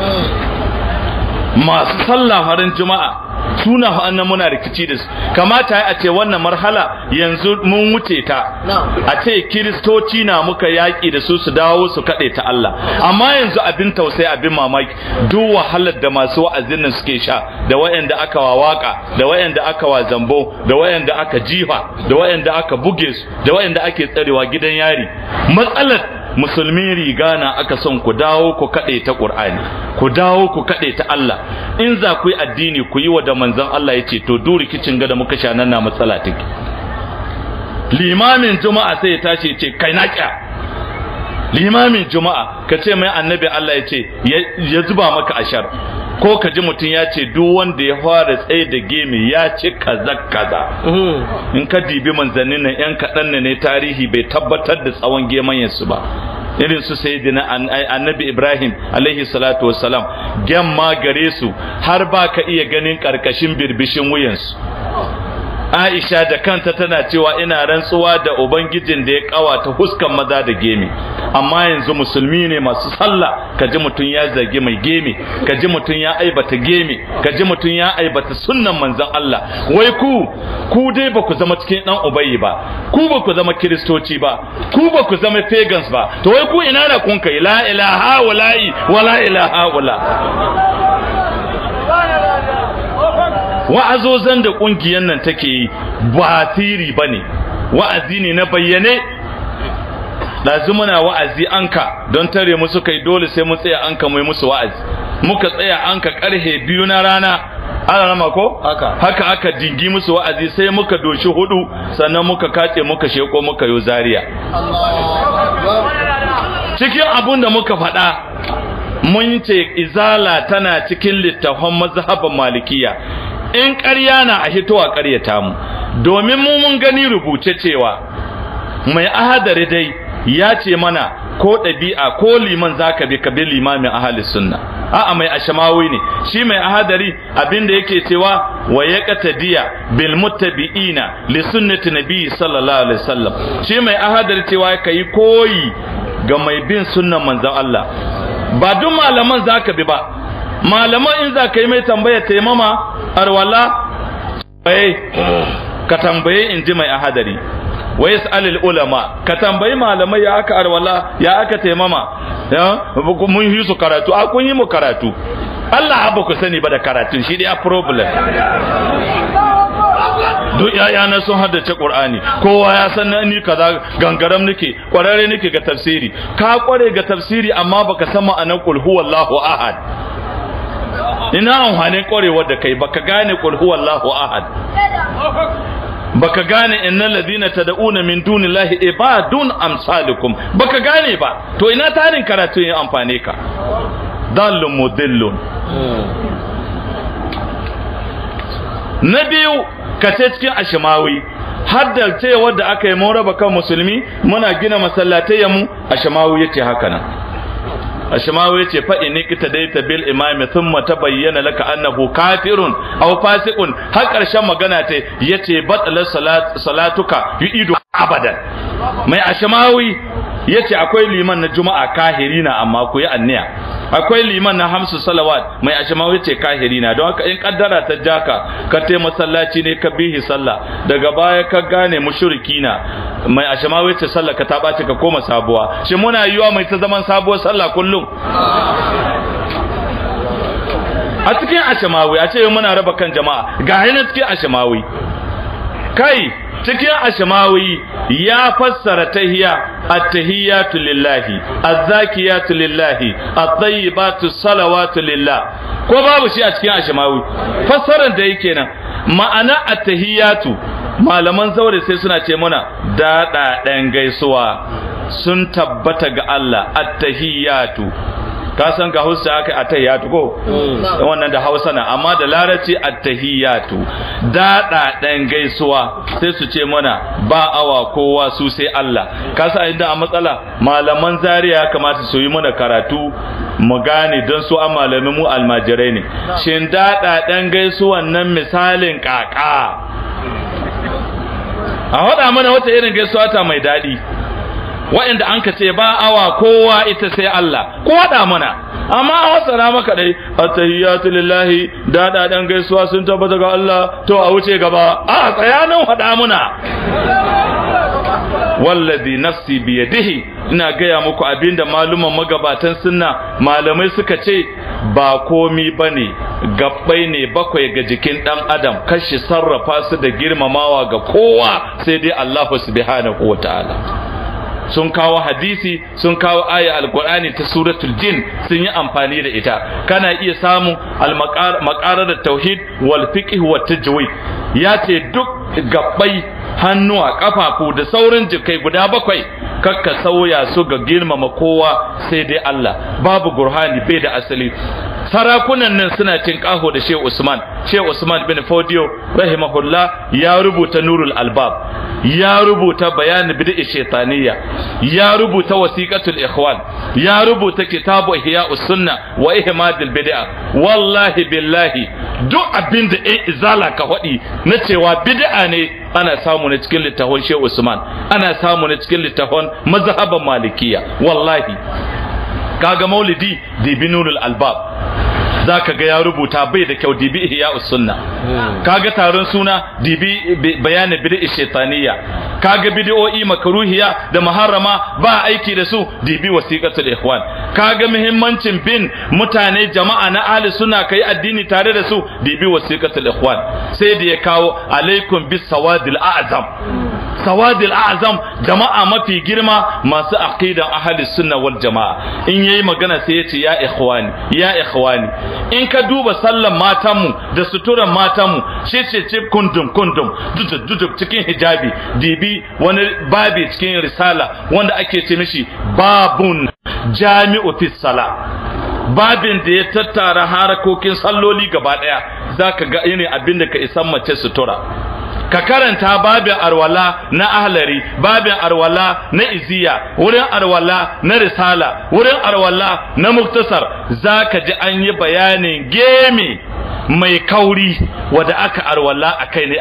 masu sallah farin juma'a suna na muna rikici da su kamata a ce wannan marhala yanzu mun wuce ta a ce kiristoci na muka yaƙi da su su dawo su kaɗe ta Allah amma yanzu abin tausayi abin mamaki duk wahalar da masu wa'azin nan suke sha da wayanda aka wa waka da wayanda aka wa zambo da wayanda aka jifa da wayanda aka buge su da wayanda ake tsarewa gidan yari matsalar musulmi riga na aka son ku dawo ku kaɗe ta ƙur'ani ku dawo ku kaɗe ta Allah in za ku yi addini ku yi wa da manzon Allah ya ce to du rikicin gada muka sha nan na matsala take limamin juma'a sai ya tashi ce kai na limamin juma'a ka ce mai annabi Allah ya ce ya zuba maka ashar ko ka ji mutum ya ce duk wanda ya fara tsaye da gemi ya ce kaza kaza hmm. in ka dibi manzannin nan yan kaɗan ne tarihi bai tabbatar da tsawon geman yansu ba irin su dina annabi ibrahim alaihi salatu wassalam gemma gare su har ba ka iya ganin karkashin birbishin wuyansu Aisha da kanta tana cewa ina rantsuwa da ubangijin da ya kawata huskan maza da gemi amma yanzu musulmi ne masu sallah kaji mutun ya zage mai gemi kaji mutun ya aibata gemi kaji mutun ya aibata sunnan manzon Allah wai ku ku dai ba ku zama cikin dan ubayi ba ku ba ku zama kristoci ba ku ba ku zama pagans ba to wai ku ina da kun kai la ilaha wala wala ilaha wala wa'azozan da ƙungiyar nan take yi ba tiri ba ne wa'azi ne na bayyane lazumuna wa'azi anka don tare mu kai dole sai mun tsaya anka mai musu wa'azi muka tsaya anka karhe biyu na rana ana rama ko haka aka dingi musu wa'azi sai muka doshi hudu sannan muka kace muka sheko muka yo zaria cikin abun da muka faɗa mun ce izala tana cikin littafan mazhaban malikiya in ƙarya na a hitowa ƙaryata mu domin mu mun gani rubuce cewa mai ahadari dai ya ce mana ko ɗabi'a ko liman zaka bi ka bi limamin ahli sunna a'a mai ashamawi ne shi mai ahadari abinda yake cewa wa ya qatadiya bil muttabi'ina li sunnati nabi sallallahu alaihi wasallam shi mai ahadari cewa kai koyi ga mai bin sunnan manzon Allah ba duk malaman zaka bi ba malama in za ka yi mai tambaya taimama arwala bai ka tambaye in ji mai ahadari wa yas'alul ulama ka tambayi malamai ya aka arwala ya aka taimama mun yi su karatu a kun yi mu karatu Allah ba ku sani ba da karatun shi dai a problem duk yaya na sun haddace ƙur'ani kowa ya san na ni kaza gangaram nake ƙwararre nake ga tafsiri ka ƙware ga tafsiri amma baka san ma'anar kul huwallahu ahad ina amfanin korewar da kai baka gane kul huwallahu ahad baka gane innal ladina tad'una min dunillahi ibadun amsalukum baka gane ba to ina tarin karatu yin amfane ka dallun mudillun na biyu ka ce cikin da ce wadda aka yi raba kan musulmi muna gina masallatai mu ashmawi yace haka nan a yace ce faɗi ni kita dai ta bil imami sun mata bayyana laka annahu kafirun aw fasiqun har ƙarshen magana ta yace batala salatuka yu'idu abadan mai ashmawi yace akwai liman na juma'a kahirina amma ku yi anniya akwai liman na hamsu salawat mai ashima ya ce kahirina don haka in kaddara ta jaka ka te masallaci ne ka bihi sallah daga baya ka gane mushrikina mai ashima ya ce sallah ka ta ɓace ka koma sabuwa shi muna yiwa mai ta zaman sabuwar sallah kullum a cikin ashamawi a ce muna raba kan jama'a ga hanyar cikin ashamawi kai cikin ashmawi ya fassara tahiya at-tahiyatu lillahi az-zakiyatu lillahi at-tayyibatu salawatu lillah ko babu shi a cikin ashmawi fassaran da yake nan ma'ana at-tahiyatu malaman zaure sai suna ce mana daɗaɗen gaisuwa sun tabbata ga Allah at-tahiyatu ka san ka hausa aka attahiyatu ko mm. wannan da hausa na amma da larabci attahiyatu daɗa ɗan gaisuwa sai su ce mana ba awa kowa su sai Allah ka yi inda a matsala malaman zariya kamata su yi mana karatu mu gane don su a malamin mu almajirai ne shin daɗa ɗan gaisuwan nan misalin kaka? a haɗa mana wata irin gaisuwa ta mai daɗi Wa'inda an ka ce ba awa kowa ita sai Allah ko haɗa mana amma a wasara maka dai attahiyatu lillahi da gaisuwa sun tabbata ga Allah to a wuce gaba a tsayanin haɗa muna wallazi nafsi biyadihi ina gaya muku abinda maluman magabatan sunna malamai suka ce ba komi bane gabbai ne bakwai ga jikin ɗan adam kashi sarrafa su da girmamawa ga kowa sai dai Allahu subhanahu wataala sun kawo hadisi sun kawo aya alqur'ani ta suratul jin sun yi amfani da ita kana iya samu al da tauhid wal fiqh wa tajwid ya ce duk gabbai hannuwa kafafu da saurin jikai guda bakwai kakka sauya su ga girmama kowa sai dai Allah babu gurhani bai da asali sarakunan nan suna kaho da Sheikh Usman Sheikh Usman bin Fodio rahimahullah ya rubuta Nurul Albab ya rubuta Bayan Bid'i Shaytaniyya ya rubuta Wasiqatul Ikhwan ya rubuta Kitabu ihya usunna wa Ihmadul Bid'a wallahi billahi duk abin da ai izala ka faɗi na cewa bid'a ne ana samu ne cikin littafin Sheikh Usman ana samu na cikin littafin mazhaban Malikiya wallahi kaga maulidi dibinul albab za ka ga ya rubuta bai da kyau dibi ihya usunna hmm. kaga taron suna dibi bayanin bid'i Ka kaga bid'o'i makruhiya da muharrama ba aiki da su dibi wasiqatul ikhwan ga muhimmancin bin mutane jama'a na ahli sunna kai addini tare da su dibi wasiqatul ikhwan sai da ya kawo alaikum bis sawadil a'zam sawadil a'zam jama'a mafi girma masu aqidan ahli sunna wal jama'a in yayi magana sai ya ce ya ikhwani ya ikhwani in ka duba sallan matanmu da suturan matanmu ce ce ce kundum kundum dudub cikin hijabi dibi wani babi cikin risala wanda ake ce mishi babun jami'u fi babin da ya tattara harakokin salloli gaba daya zaka ga ine abin da ka isan mace sutura ka karanta babin arwala na ahlari babin arwala na iziya wurin arwala na risala wurin arwala na muktasar za ka ji an yi bayanin gemi mai kauri wadda aka arwala a kai ne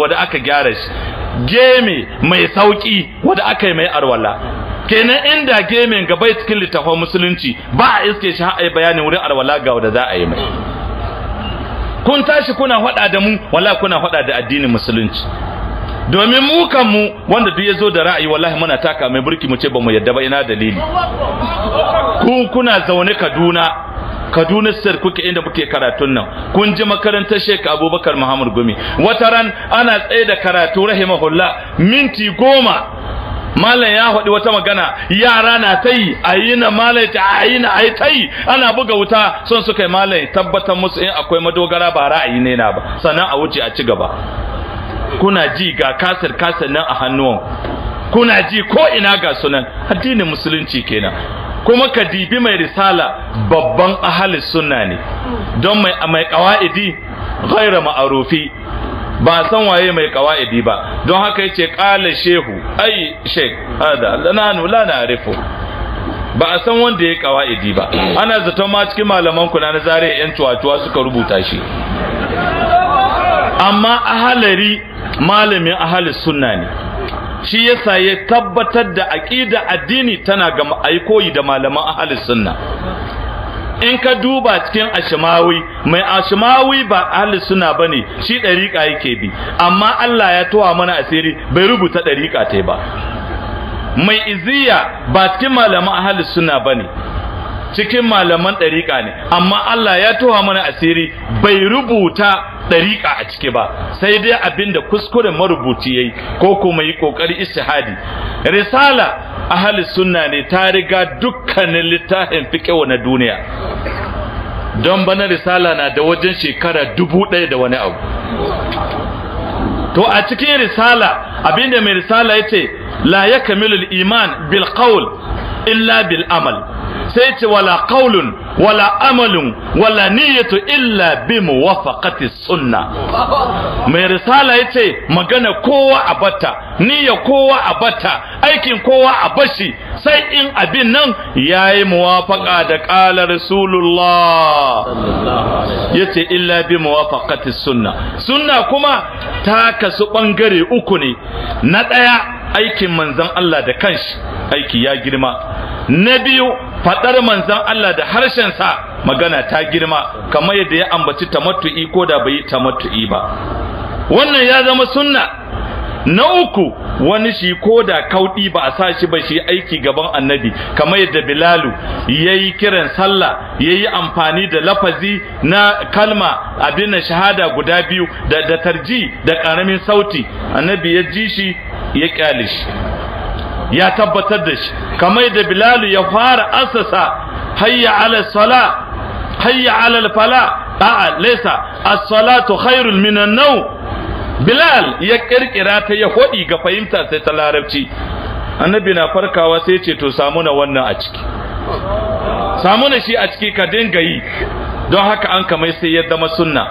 wada aka gyara shi gemi mai sauki wadda aka yi mai arwala kenan inda gemin gabai cikin littafin musulunci ba a iske shi har a yi bayanin wurin arwala ga wada za a yi mai kun tashi kuna haɗa da mu wallahi kuna hada da addinin musulunci domin mu kanmu wanda duk ya zo da ra'ayi wallahi muna taka mai burki mu ce ba mu yadda ba ina dalili ku kuna zaune Kaduna Kaduna sir kuke inda kuke karatun nan kun ji makarantar Sheikh Abubakar Muhammad Gumi wataran ana tsaye da karatu rahimahullah minti goma malam ya faɗi wata magana yara na ta yi a yi na malam ta a yi na a ta yi ana buga wuta son suka yi malam tabbatar musu in akwai madogara ba ra'ayi ne na ba sannan a wuce a ci gaba kuna ji ga kasir kasir nan a hannuwan kuna ji ko ina ga sunan addinin musulunci kenan kuma ka dibi mai risala babban ahalis suna ne don mai mai kawaidi ghaira ma'arufi ba san waye mai qawaidi ba don haka yace qala shehu ai sheikh hada lananu la na'rifu ba a san wanda ya qawaidi ba ana zato ma cikin malaman ku na zare yan tuwatuwa suka rubuta shi amma ahalari malamin ahali sunna ne shi yasa ya tabbatar da aqida addini tana ga aikoyi da malaman ahalis sunna in ka duba cikin ashimawi mai ashimawi ba ahli suna bane shi ɗariƙa yake bi amma Allah ya towa mana asiri bai rubuta ɗariƙa ta ba mai iziya ba cikin malaman ahli suna bane cikin malaman ɗariƙa ne amma Allah ya tuha mana asiri bai rubuta ɗariƙa a ciki ba sai dai abin da kuskuren marubuci yi, ko kuma yi ƙoƙari istihadi risala ahli sunna ne ta riga dukkanin littafin fiqh na duniya don bana risala na da wajen shekara dubu ɗaya da wani abu to a cikin risala abinda mai risala ya ce la ya kamilu iman bil qawl illa bil amal sai ce wala qaulun wala amalun wala niyyatu illa bi muwafaqati sunna mai risala yace magana kowa a bata niyya kowa a bata aikin kowa a bashi sai in abin nan yayi muwafaqa da qala rasulullah yace illa bi muwafaqati sunna sunna kuma ta kasu bangare uku ne na daya aikin manzan Allah da kanshi aiki ya girma na biyu faɗar manzan Allah da harshen sa magana ta girma kamar yadda ya ambaci tamattu'i ko da bai yi tamattu'i ba wannan ya zama sunna na uku wani shi ko da kauɗi ba a sa shi ba shi aiki gaban annabi kamar yadda bilalu ya yi kiran sallah ya yi amfani da lafazi na kalma abin na shahada guda biyu da tarji da ƙaramin sauti annabi ya ji shi ya ƙyale shi ya tabbatar da shi kamar yadda bilalu ya fara asasa hayya ala sala hayya ala fala a'a laysa as-salatu khairul minan nawm bilal ya kirkira ta ya hodi ga fahimta sai ta larabci annabi na farkawa sai ce to samu na wannan a ciki samu na shi a ciki ka dinga yi don haka an kamai sai ya zama sunna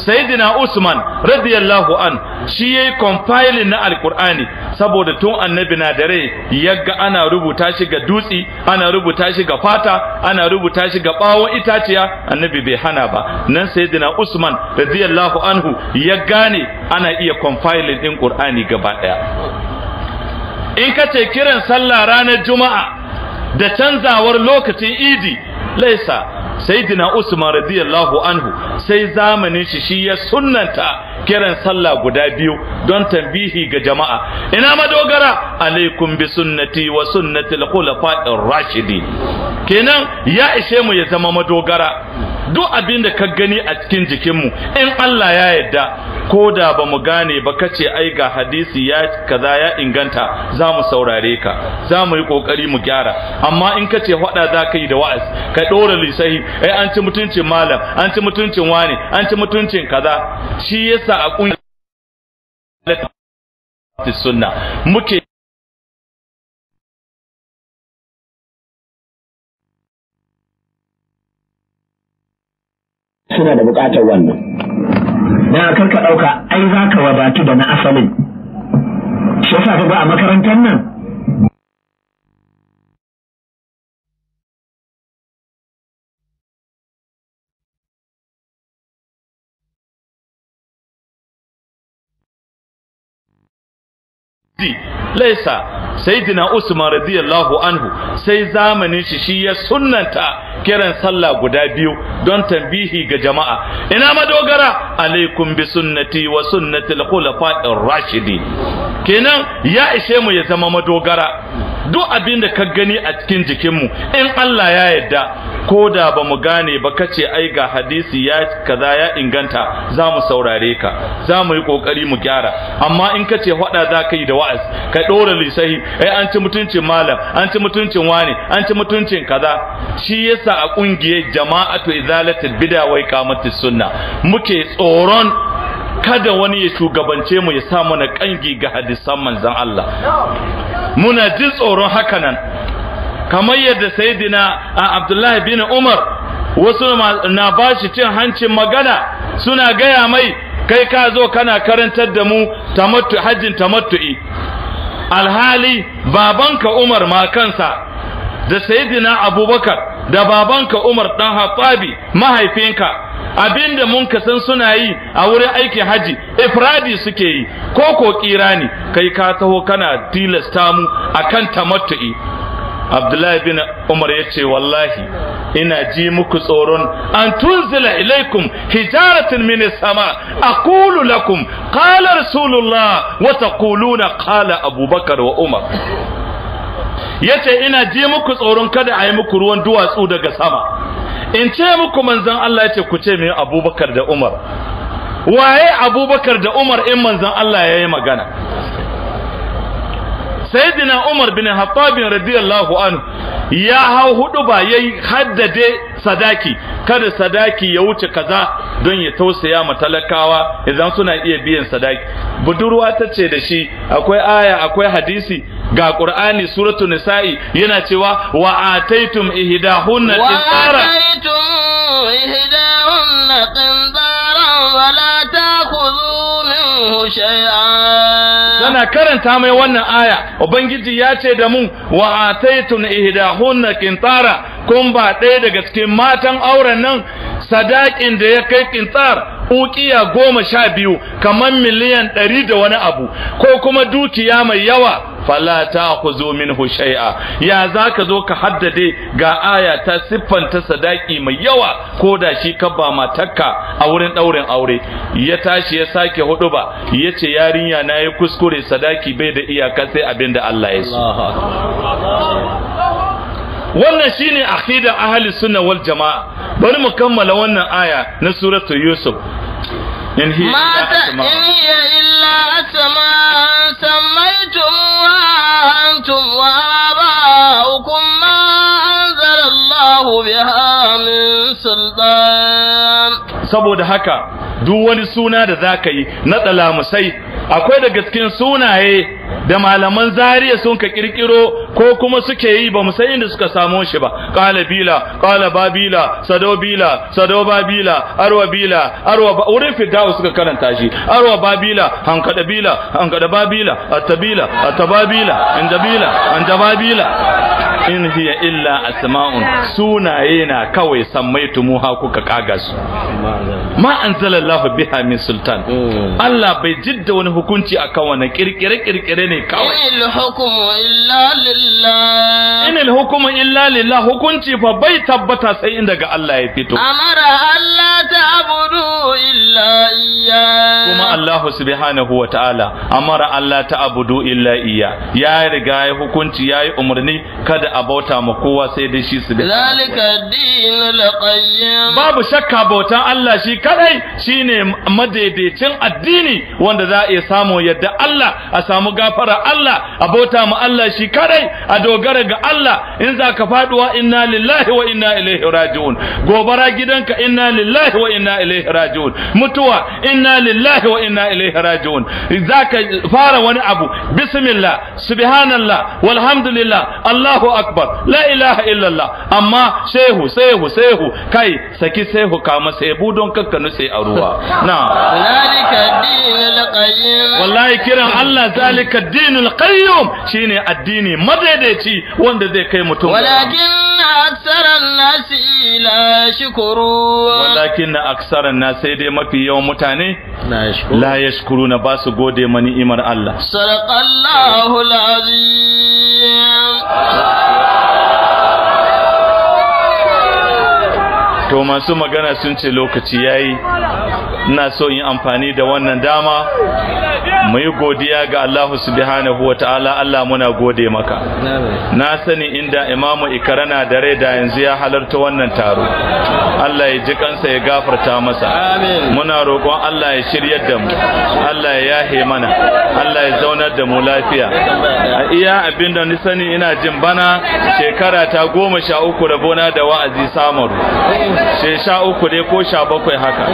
sayyidina usman radiyallahu an shi yayi compiling na alqur'ani saboda tun annabi na dare yaga ana rubuta shi ga dutsi ana rubuta shi ga fata ana rubuta shi ga bawo itaciya annabi bai hana ba nan sayyidina usman radiyallahu anhu ya gane ana iya compiling din qur'ani gaba daya in ka ce kiran sallah ranar juma'a da canzawar lokacin idi laisa dina usman radiyallahu anhu sai zamanin shi shi ya sunnanta kiran sallah guda biyu don tambihi ga jama'a ina madogara alaikum bi sunnati wa sunnati al-khulafa'ir rashidi kenan ya ishe mu ya zama madogara duk abin da ka gani a cikin jikinmu in Allah ya yarda ko da ba mu gane ba kace ai ga hadisi ya kaza ya inganta za mu saurare ka za mu yi kokari mu gyara amma in kace faɗa za ka yi da wa'az ka ɗora lisahi ai an ci mutuncin malam an ci mutuncin wani an ci mutuncin kaza shi yasa sa a ƙungiyar sunna muke suna da buƙatar wannan da karka ɗauka ai za ka wadatu da na asalin shi yasa ka ga a makarantar nan di laisa sayyidina usman radiyallahu anhu sai zamanin shi shi ya sunnanta kiran sallah guda biyu don tambihi ga jama'a ina madogara alaikum bi sunnati wa sunnati al-khulafa'ir rashidi kenan ya ishe mu ya zama madogara duk abin da ka gani a cikin jikinmu in Allah ya yarda ko da ba mu gane ba kace ai ga hadisi ya kaza ya inganta za mu saurare ka za mu yi kokari mu gyara amma in kace hada za ka yi da wa wa'az ka ɗora lisahi ai an ci mutuncin malam an ci mutuncin wani an ci mutuncin kaza shi yasa a ƙungiyar jama'atu izalatul bid'a wa iqamatus sunna muke tsoron kada wani ya shugabance mu ya sa mana kangi ga hadisan manzan Allah muna ji tsoron haka nan kamar yadda sayyidina Abdullah bin Umar wasu na bashi cin hancin magana suna gaya mai kai ka zo kana karantar da mu tamattu hajjin tamattu'i alhali babanka Umar makansa da sayyidina Abubakar da babanka Umar dan Hattabi mahaifinka abinda mun ka san suna yi a wurin aikin haji ifradi suke yi ko ko kirani kai ka taho kana tilasta mu akan tamattu'i abdullahi bin umar ya ce wallahi ina ji muku tsoron an tunzila ilaikum hijaratin min sama aqulu lakum qala rasulullah kulu na kala abubakar wa umar yace ina ji muku tsoron kada a yi muku ruwan duwatsu daga sama in ce muku manzon Allah yace ku ce mai abubakar da umar waye abubakar da umar in manzon Allah ya yi magana sayyidina umar bin hattabin radiyallahu anhu ya hau hudu ba yayi haddade sadaki kada sadaki ya wuce kaza don ya tausaya ma talakawa idan suna iya biyan sadaki budurwa ta ce da shi akwai aya akwai hadisi ga qur'ani suratul nisa'i yana cewa wa ataitum ihdahunna qintara wa ihdahunna qintara wa la ta'khudhu sana karanta mai wannan aya ubangiji ya ce da mun wa ataitun ihdahunna kintara kun ba ɗaya daga cikin matan auren nan sadakin da ya kai qintar ukiya goma sha biyu kamar miliyan ɗari da wani abu ko kuma dukiya mai yawa fala ta ku zo min hushai'a ya za ka zo ka haddade ga aya ta siffanta sadaki mai yawa ko da shi ka ba matakka a wurin ɗaurin aure ya tashi ya sake hudu ba ya ce yarinya na ya kuskure sadaki bai da iyaka sai abin da Allah ya so wannan shine aqidar ahli sunna wal jamaa bari mu kammala wannan aya na suratul yusuf in hiya illa asma sammaytumuha antum wa aba'ukum ma anzala Allah biha min sultan saboda haka duk wani suna da zaka yi na dalamusai akwai daga cikin sunaye da malaman zariya sun ka kirkiro ko kuma suke yi ba san inda suka samo shi ba qala bila qala babila sado bila sado babila arwa bila arwa wurin fidawo suka karanta shi arwa babila hankada bila hankada babila attabila attababila indabila andababila in hiya illa asma'un sunaye na kawai sammaitu muha kuka kaga su ma anzalallahu biha min sultan hmm. Allah bai jidda wani hukunci kan wannan kirkire kirkire ne kawai inil hukuma illa lillah inil hukuma illa lillah hukunci fa bai tabbata sai inda ga Allah ya fito amara Allah abudu Allahu subhanahu wa ta'ala amara Allah ta abudu illa iya ya riga ya hukunci ya yi umarni kada a bauta ma kowa sai dai shi su zalika dinul qayyim babu shakka bautan Allah shi kadai shine madaidaicin addini wanda za a samu yadda Allah a samu gafara Allah a bauta ma Allah shi kadai a dogara ga Allah in za ka faduwa inna lillahi wa inna ilaihi raji'un gobara gidanka inna lillahi wa inna ilaihi raji'un mutuwa inna lillahi wa wa inna ilaihi raji'un zaka fara wani abu bismillah subhanallah walhamdulillah allahu akbar la ilaha illallah amma shehu shehu shehu kai saki shehu kama sai budon kakkanu sai a ruwa na wallahi kiran Allah zalika dinul qayyum shine addini madaidaici wanda zai kai mutum walakin أكثر الناس لا يشكرون ولكن أكثر الناس سيدي ما في يوم متاني لا يشكرون باس غودي من إمر الله صدق الله العظيم to masu magana sun ce lokaci yayi ina so yin amfani da wannan dama mu godiya ga Allah subhanahu wa ta'ala Allah muna gode maka na sani inda imamu ikarana da rai da yanzu ya halarta wannan taro Allah ya ji kansa ya gafarta masa muna roƙon Allah ya shiryar da mu Allah ya yahe mana Allah ya zaunar da mu lafiya a iya abin da ni sani ina jin bana shekara ta goma sha uku rabona da wa'azi samaru sha uku dai ko sha bakwai haka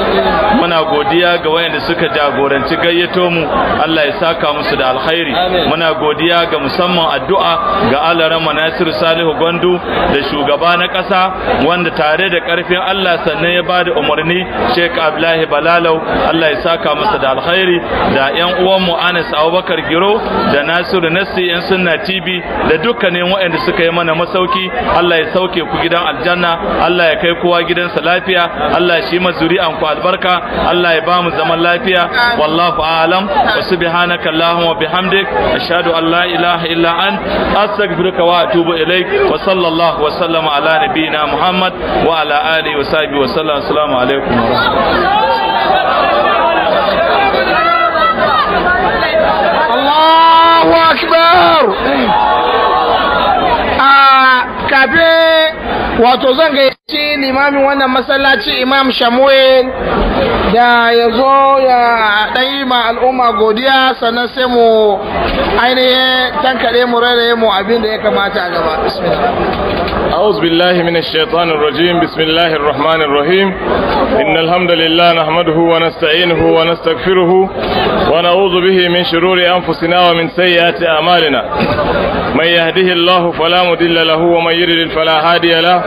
muna godiya ga wayanda suka jagoranci gayyato mu Allah ya saka musu da alkhairi muna godiya ga musamman addu'a ga alaran Nasiru Salihu Gwandu da shugaba na ƙasa wanda tare da karfin Allah sannan ya bada umarni Sheikh Abdullahi Balalau Allah ya saka masa da alkhairi da ƴan uwan mu Anas Abubakar Giro da Nasiru Nassi ƴan Sunna TV da dukkanin wayanda suka yi mana masauki Allah ya sauke ku gidan aljanna Allah ya kai kowa gidansa lafiya Allah shi ma zuri'an ku albarka Allah ya bamu zaman lafiya wallahu a'lam wa subhanaka allahumma bihamdik ashhadu an la ilaha illa ant astaghfiruka wa atubu ilaik wa sallallahu wa sallama ala nabiyyina muhammad wa ala alihi wa sahbihi wa sallam assalamu alaikum wa rahmatullahi Allahu akbar ah, kabe wato zan gayyaci limamin wannan masallaci imam shamuel da ya zo ya ɗan yi ma al'umma godiya sannan sai mu ainihin tankaɗe mu rairaye mu abin da ya kamata a gaba أعوذ بالله من الشيطان الرجيم بسم الله الرحمن الرحيم إن الحمد لله نحمده ونستعينه ونستغفره ونعوذ به من شرور أنفسنا ومن سيئات أعمالنا من يهده الله فلا مضل له ومن يضلل فلا هادي له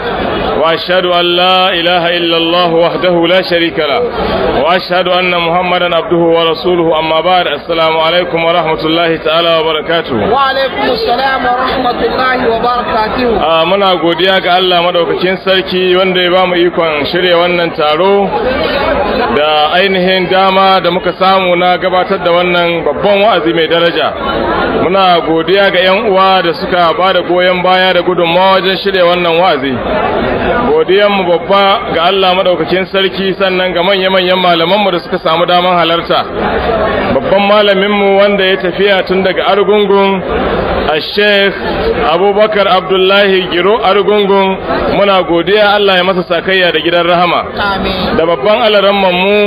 وأشهد أن لا إله إلا الله وحده لا شريك له وأشهد أن محمدا عبده ورسوله أما بعد السلام عليكم ورحمة الله تعالى وبركاته وعليكم السلام ورحمة الله وبركاته muna godiya ga Allah maɗaukacin sarki wanda ya bamu ikon shirya wannan taro da ainihin dama da muka samu na gabatar da wannan babban wa'azi mai daraja muna godiya ga 'yan uwa da suka ba da goyon baya da gudunmawa wajen shirya wannan wa'azi godiyanmu babba ga Allah madaukakin sarki sannan ga manya-manyan malamanmu da suka samu daman halarta babban malaminmu wanda ya tafiya tun daga argungun a sheikh abubakar abdullahi giro argungun muna godiya Allah ya masa sakayya da gidan rahama da babban alaramman mu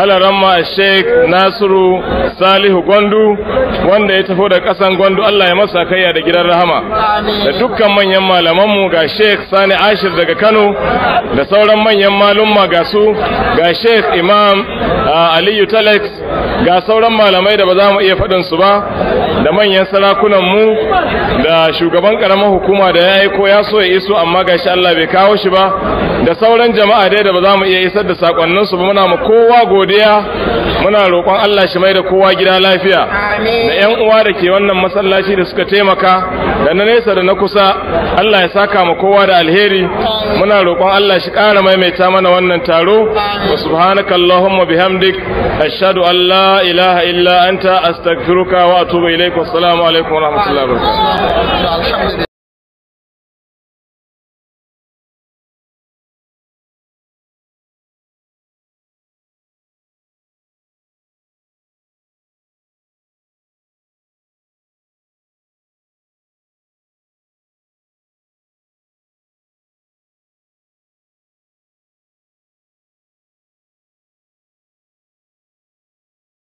alaramma sheikh nasiru salihu gwandu wanda ya tafi da kasan gwandu Allah ya masa sakayya da gidan rahama da dukkan manyan malamanmu ga sheikh sani ashir daga kano da sauran manyan malumma ga su ga sheikh imam aliyu telex ga sauran malamai da ba za mu iya faɗin su ba da manyan sarakunan mu da shugaban karamar hukuma da ya aiko ya so ya iso amma ga shi Allah bai kawo shi ba da sauran jama'a dai da ba za mu iya isar da sakonnin su ba muna mu kowa godiya muna roƙon Allah shi mai da kowa gida lafiya da ƴan uwa da ke wannan masallaci da suka taimaka da na nesa da na kusa Allah ya saka mu kowa da alheri alheri muna roƙon Allah shi ƙara maimaita mana wannan taro wa subhanaka allahumma bihamdik ashhadu an la ilaha illa anta astaghfiruka wa atubu ilaik wassalamu alaikum wa rahmatullahi wa barakatuh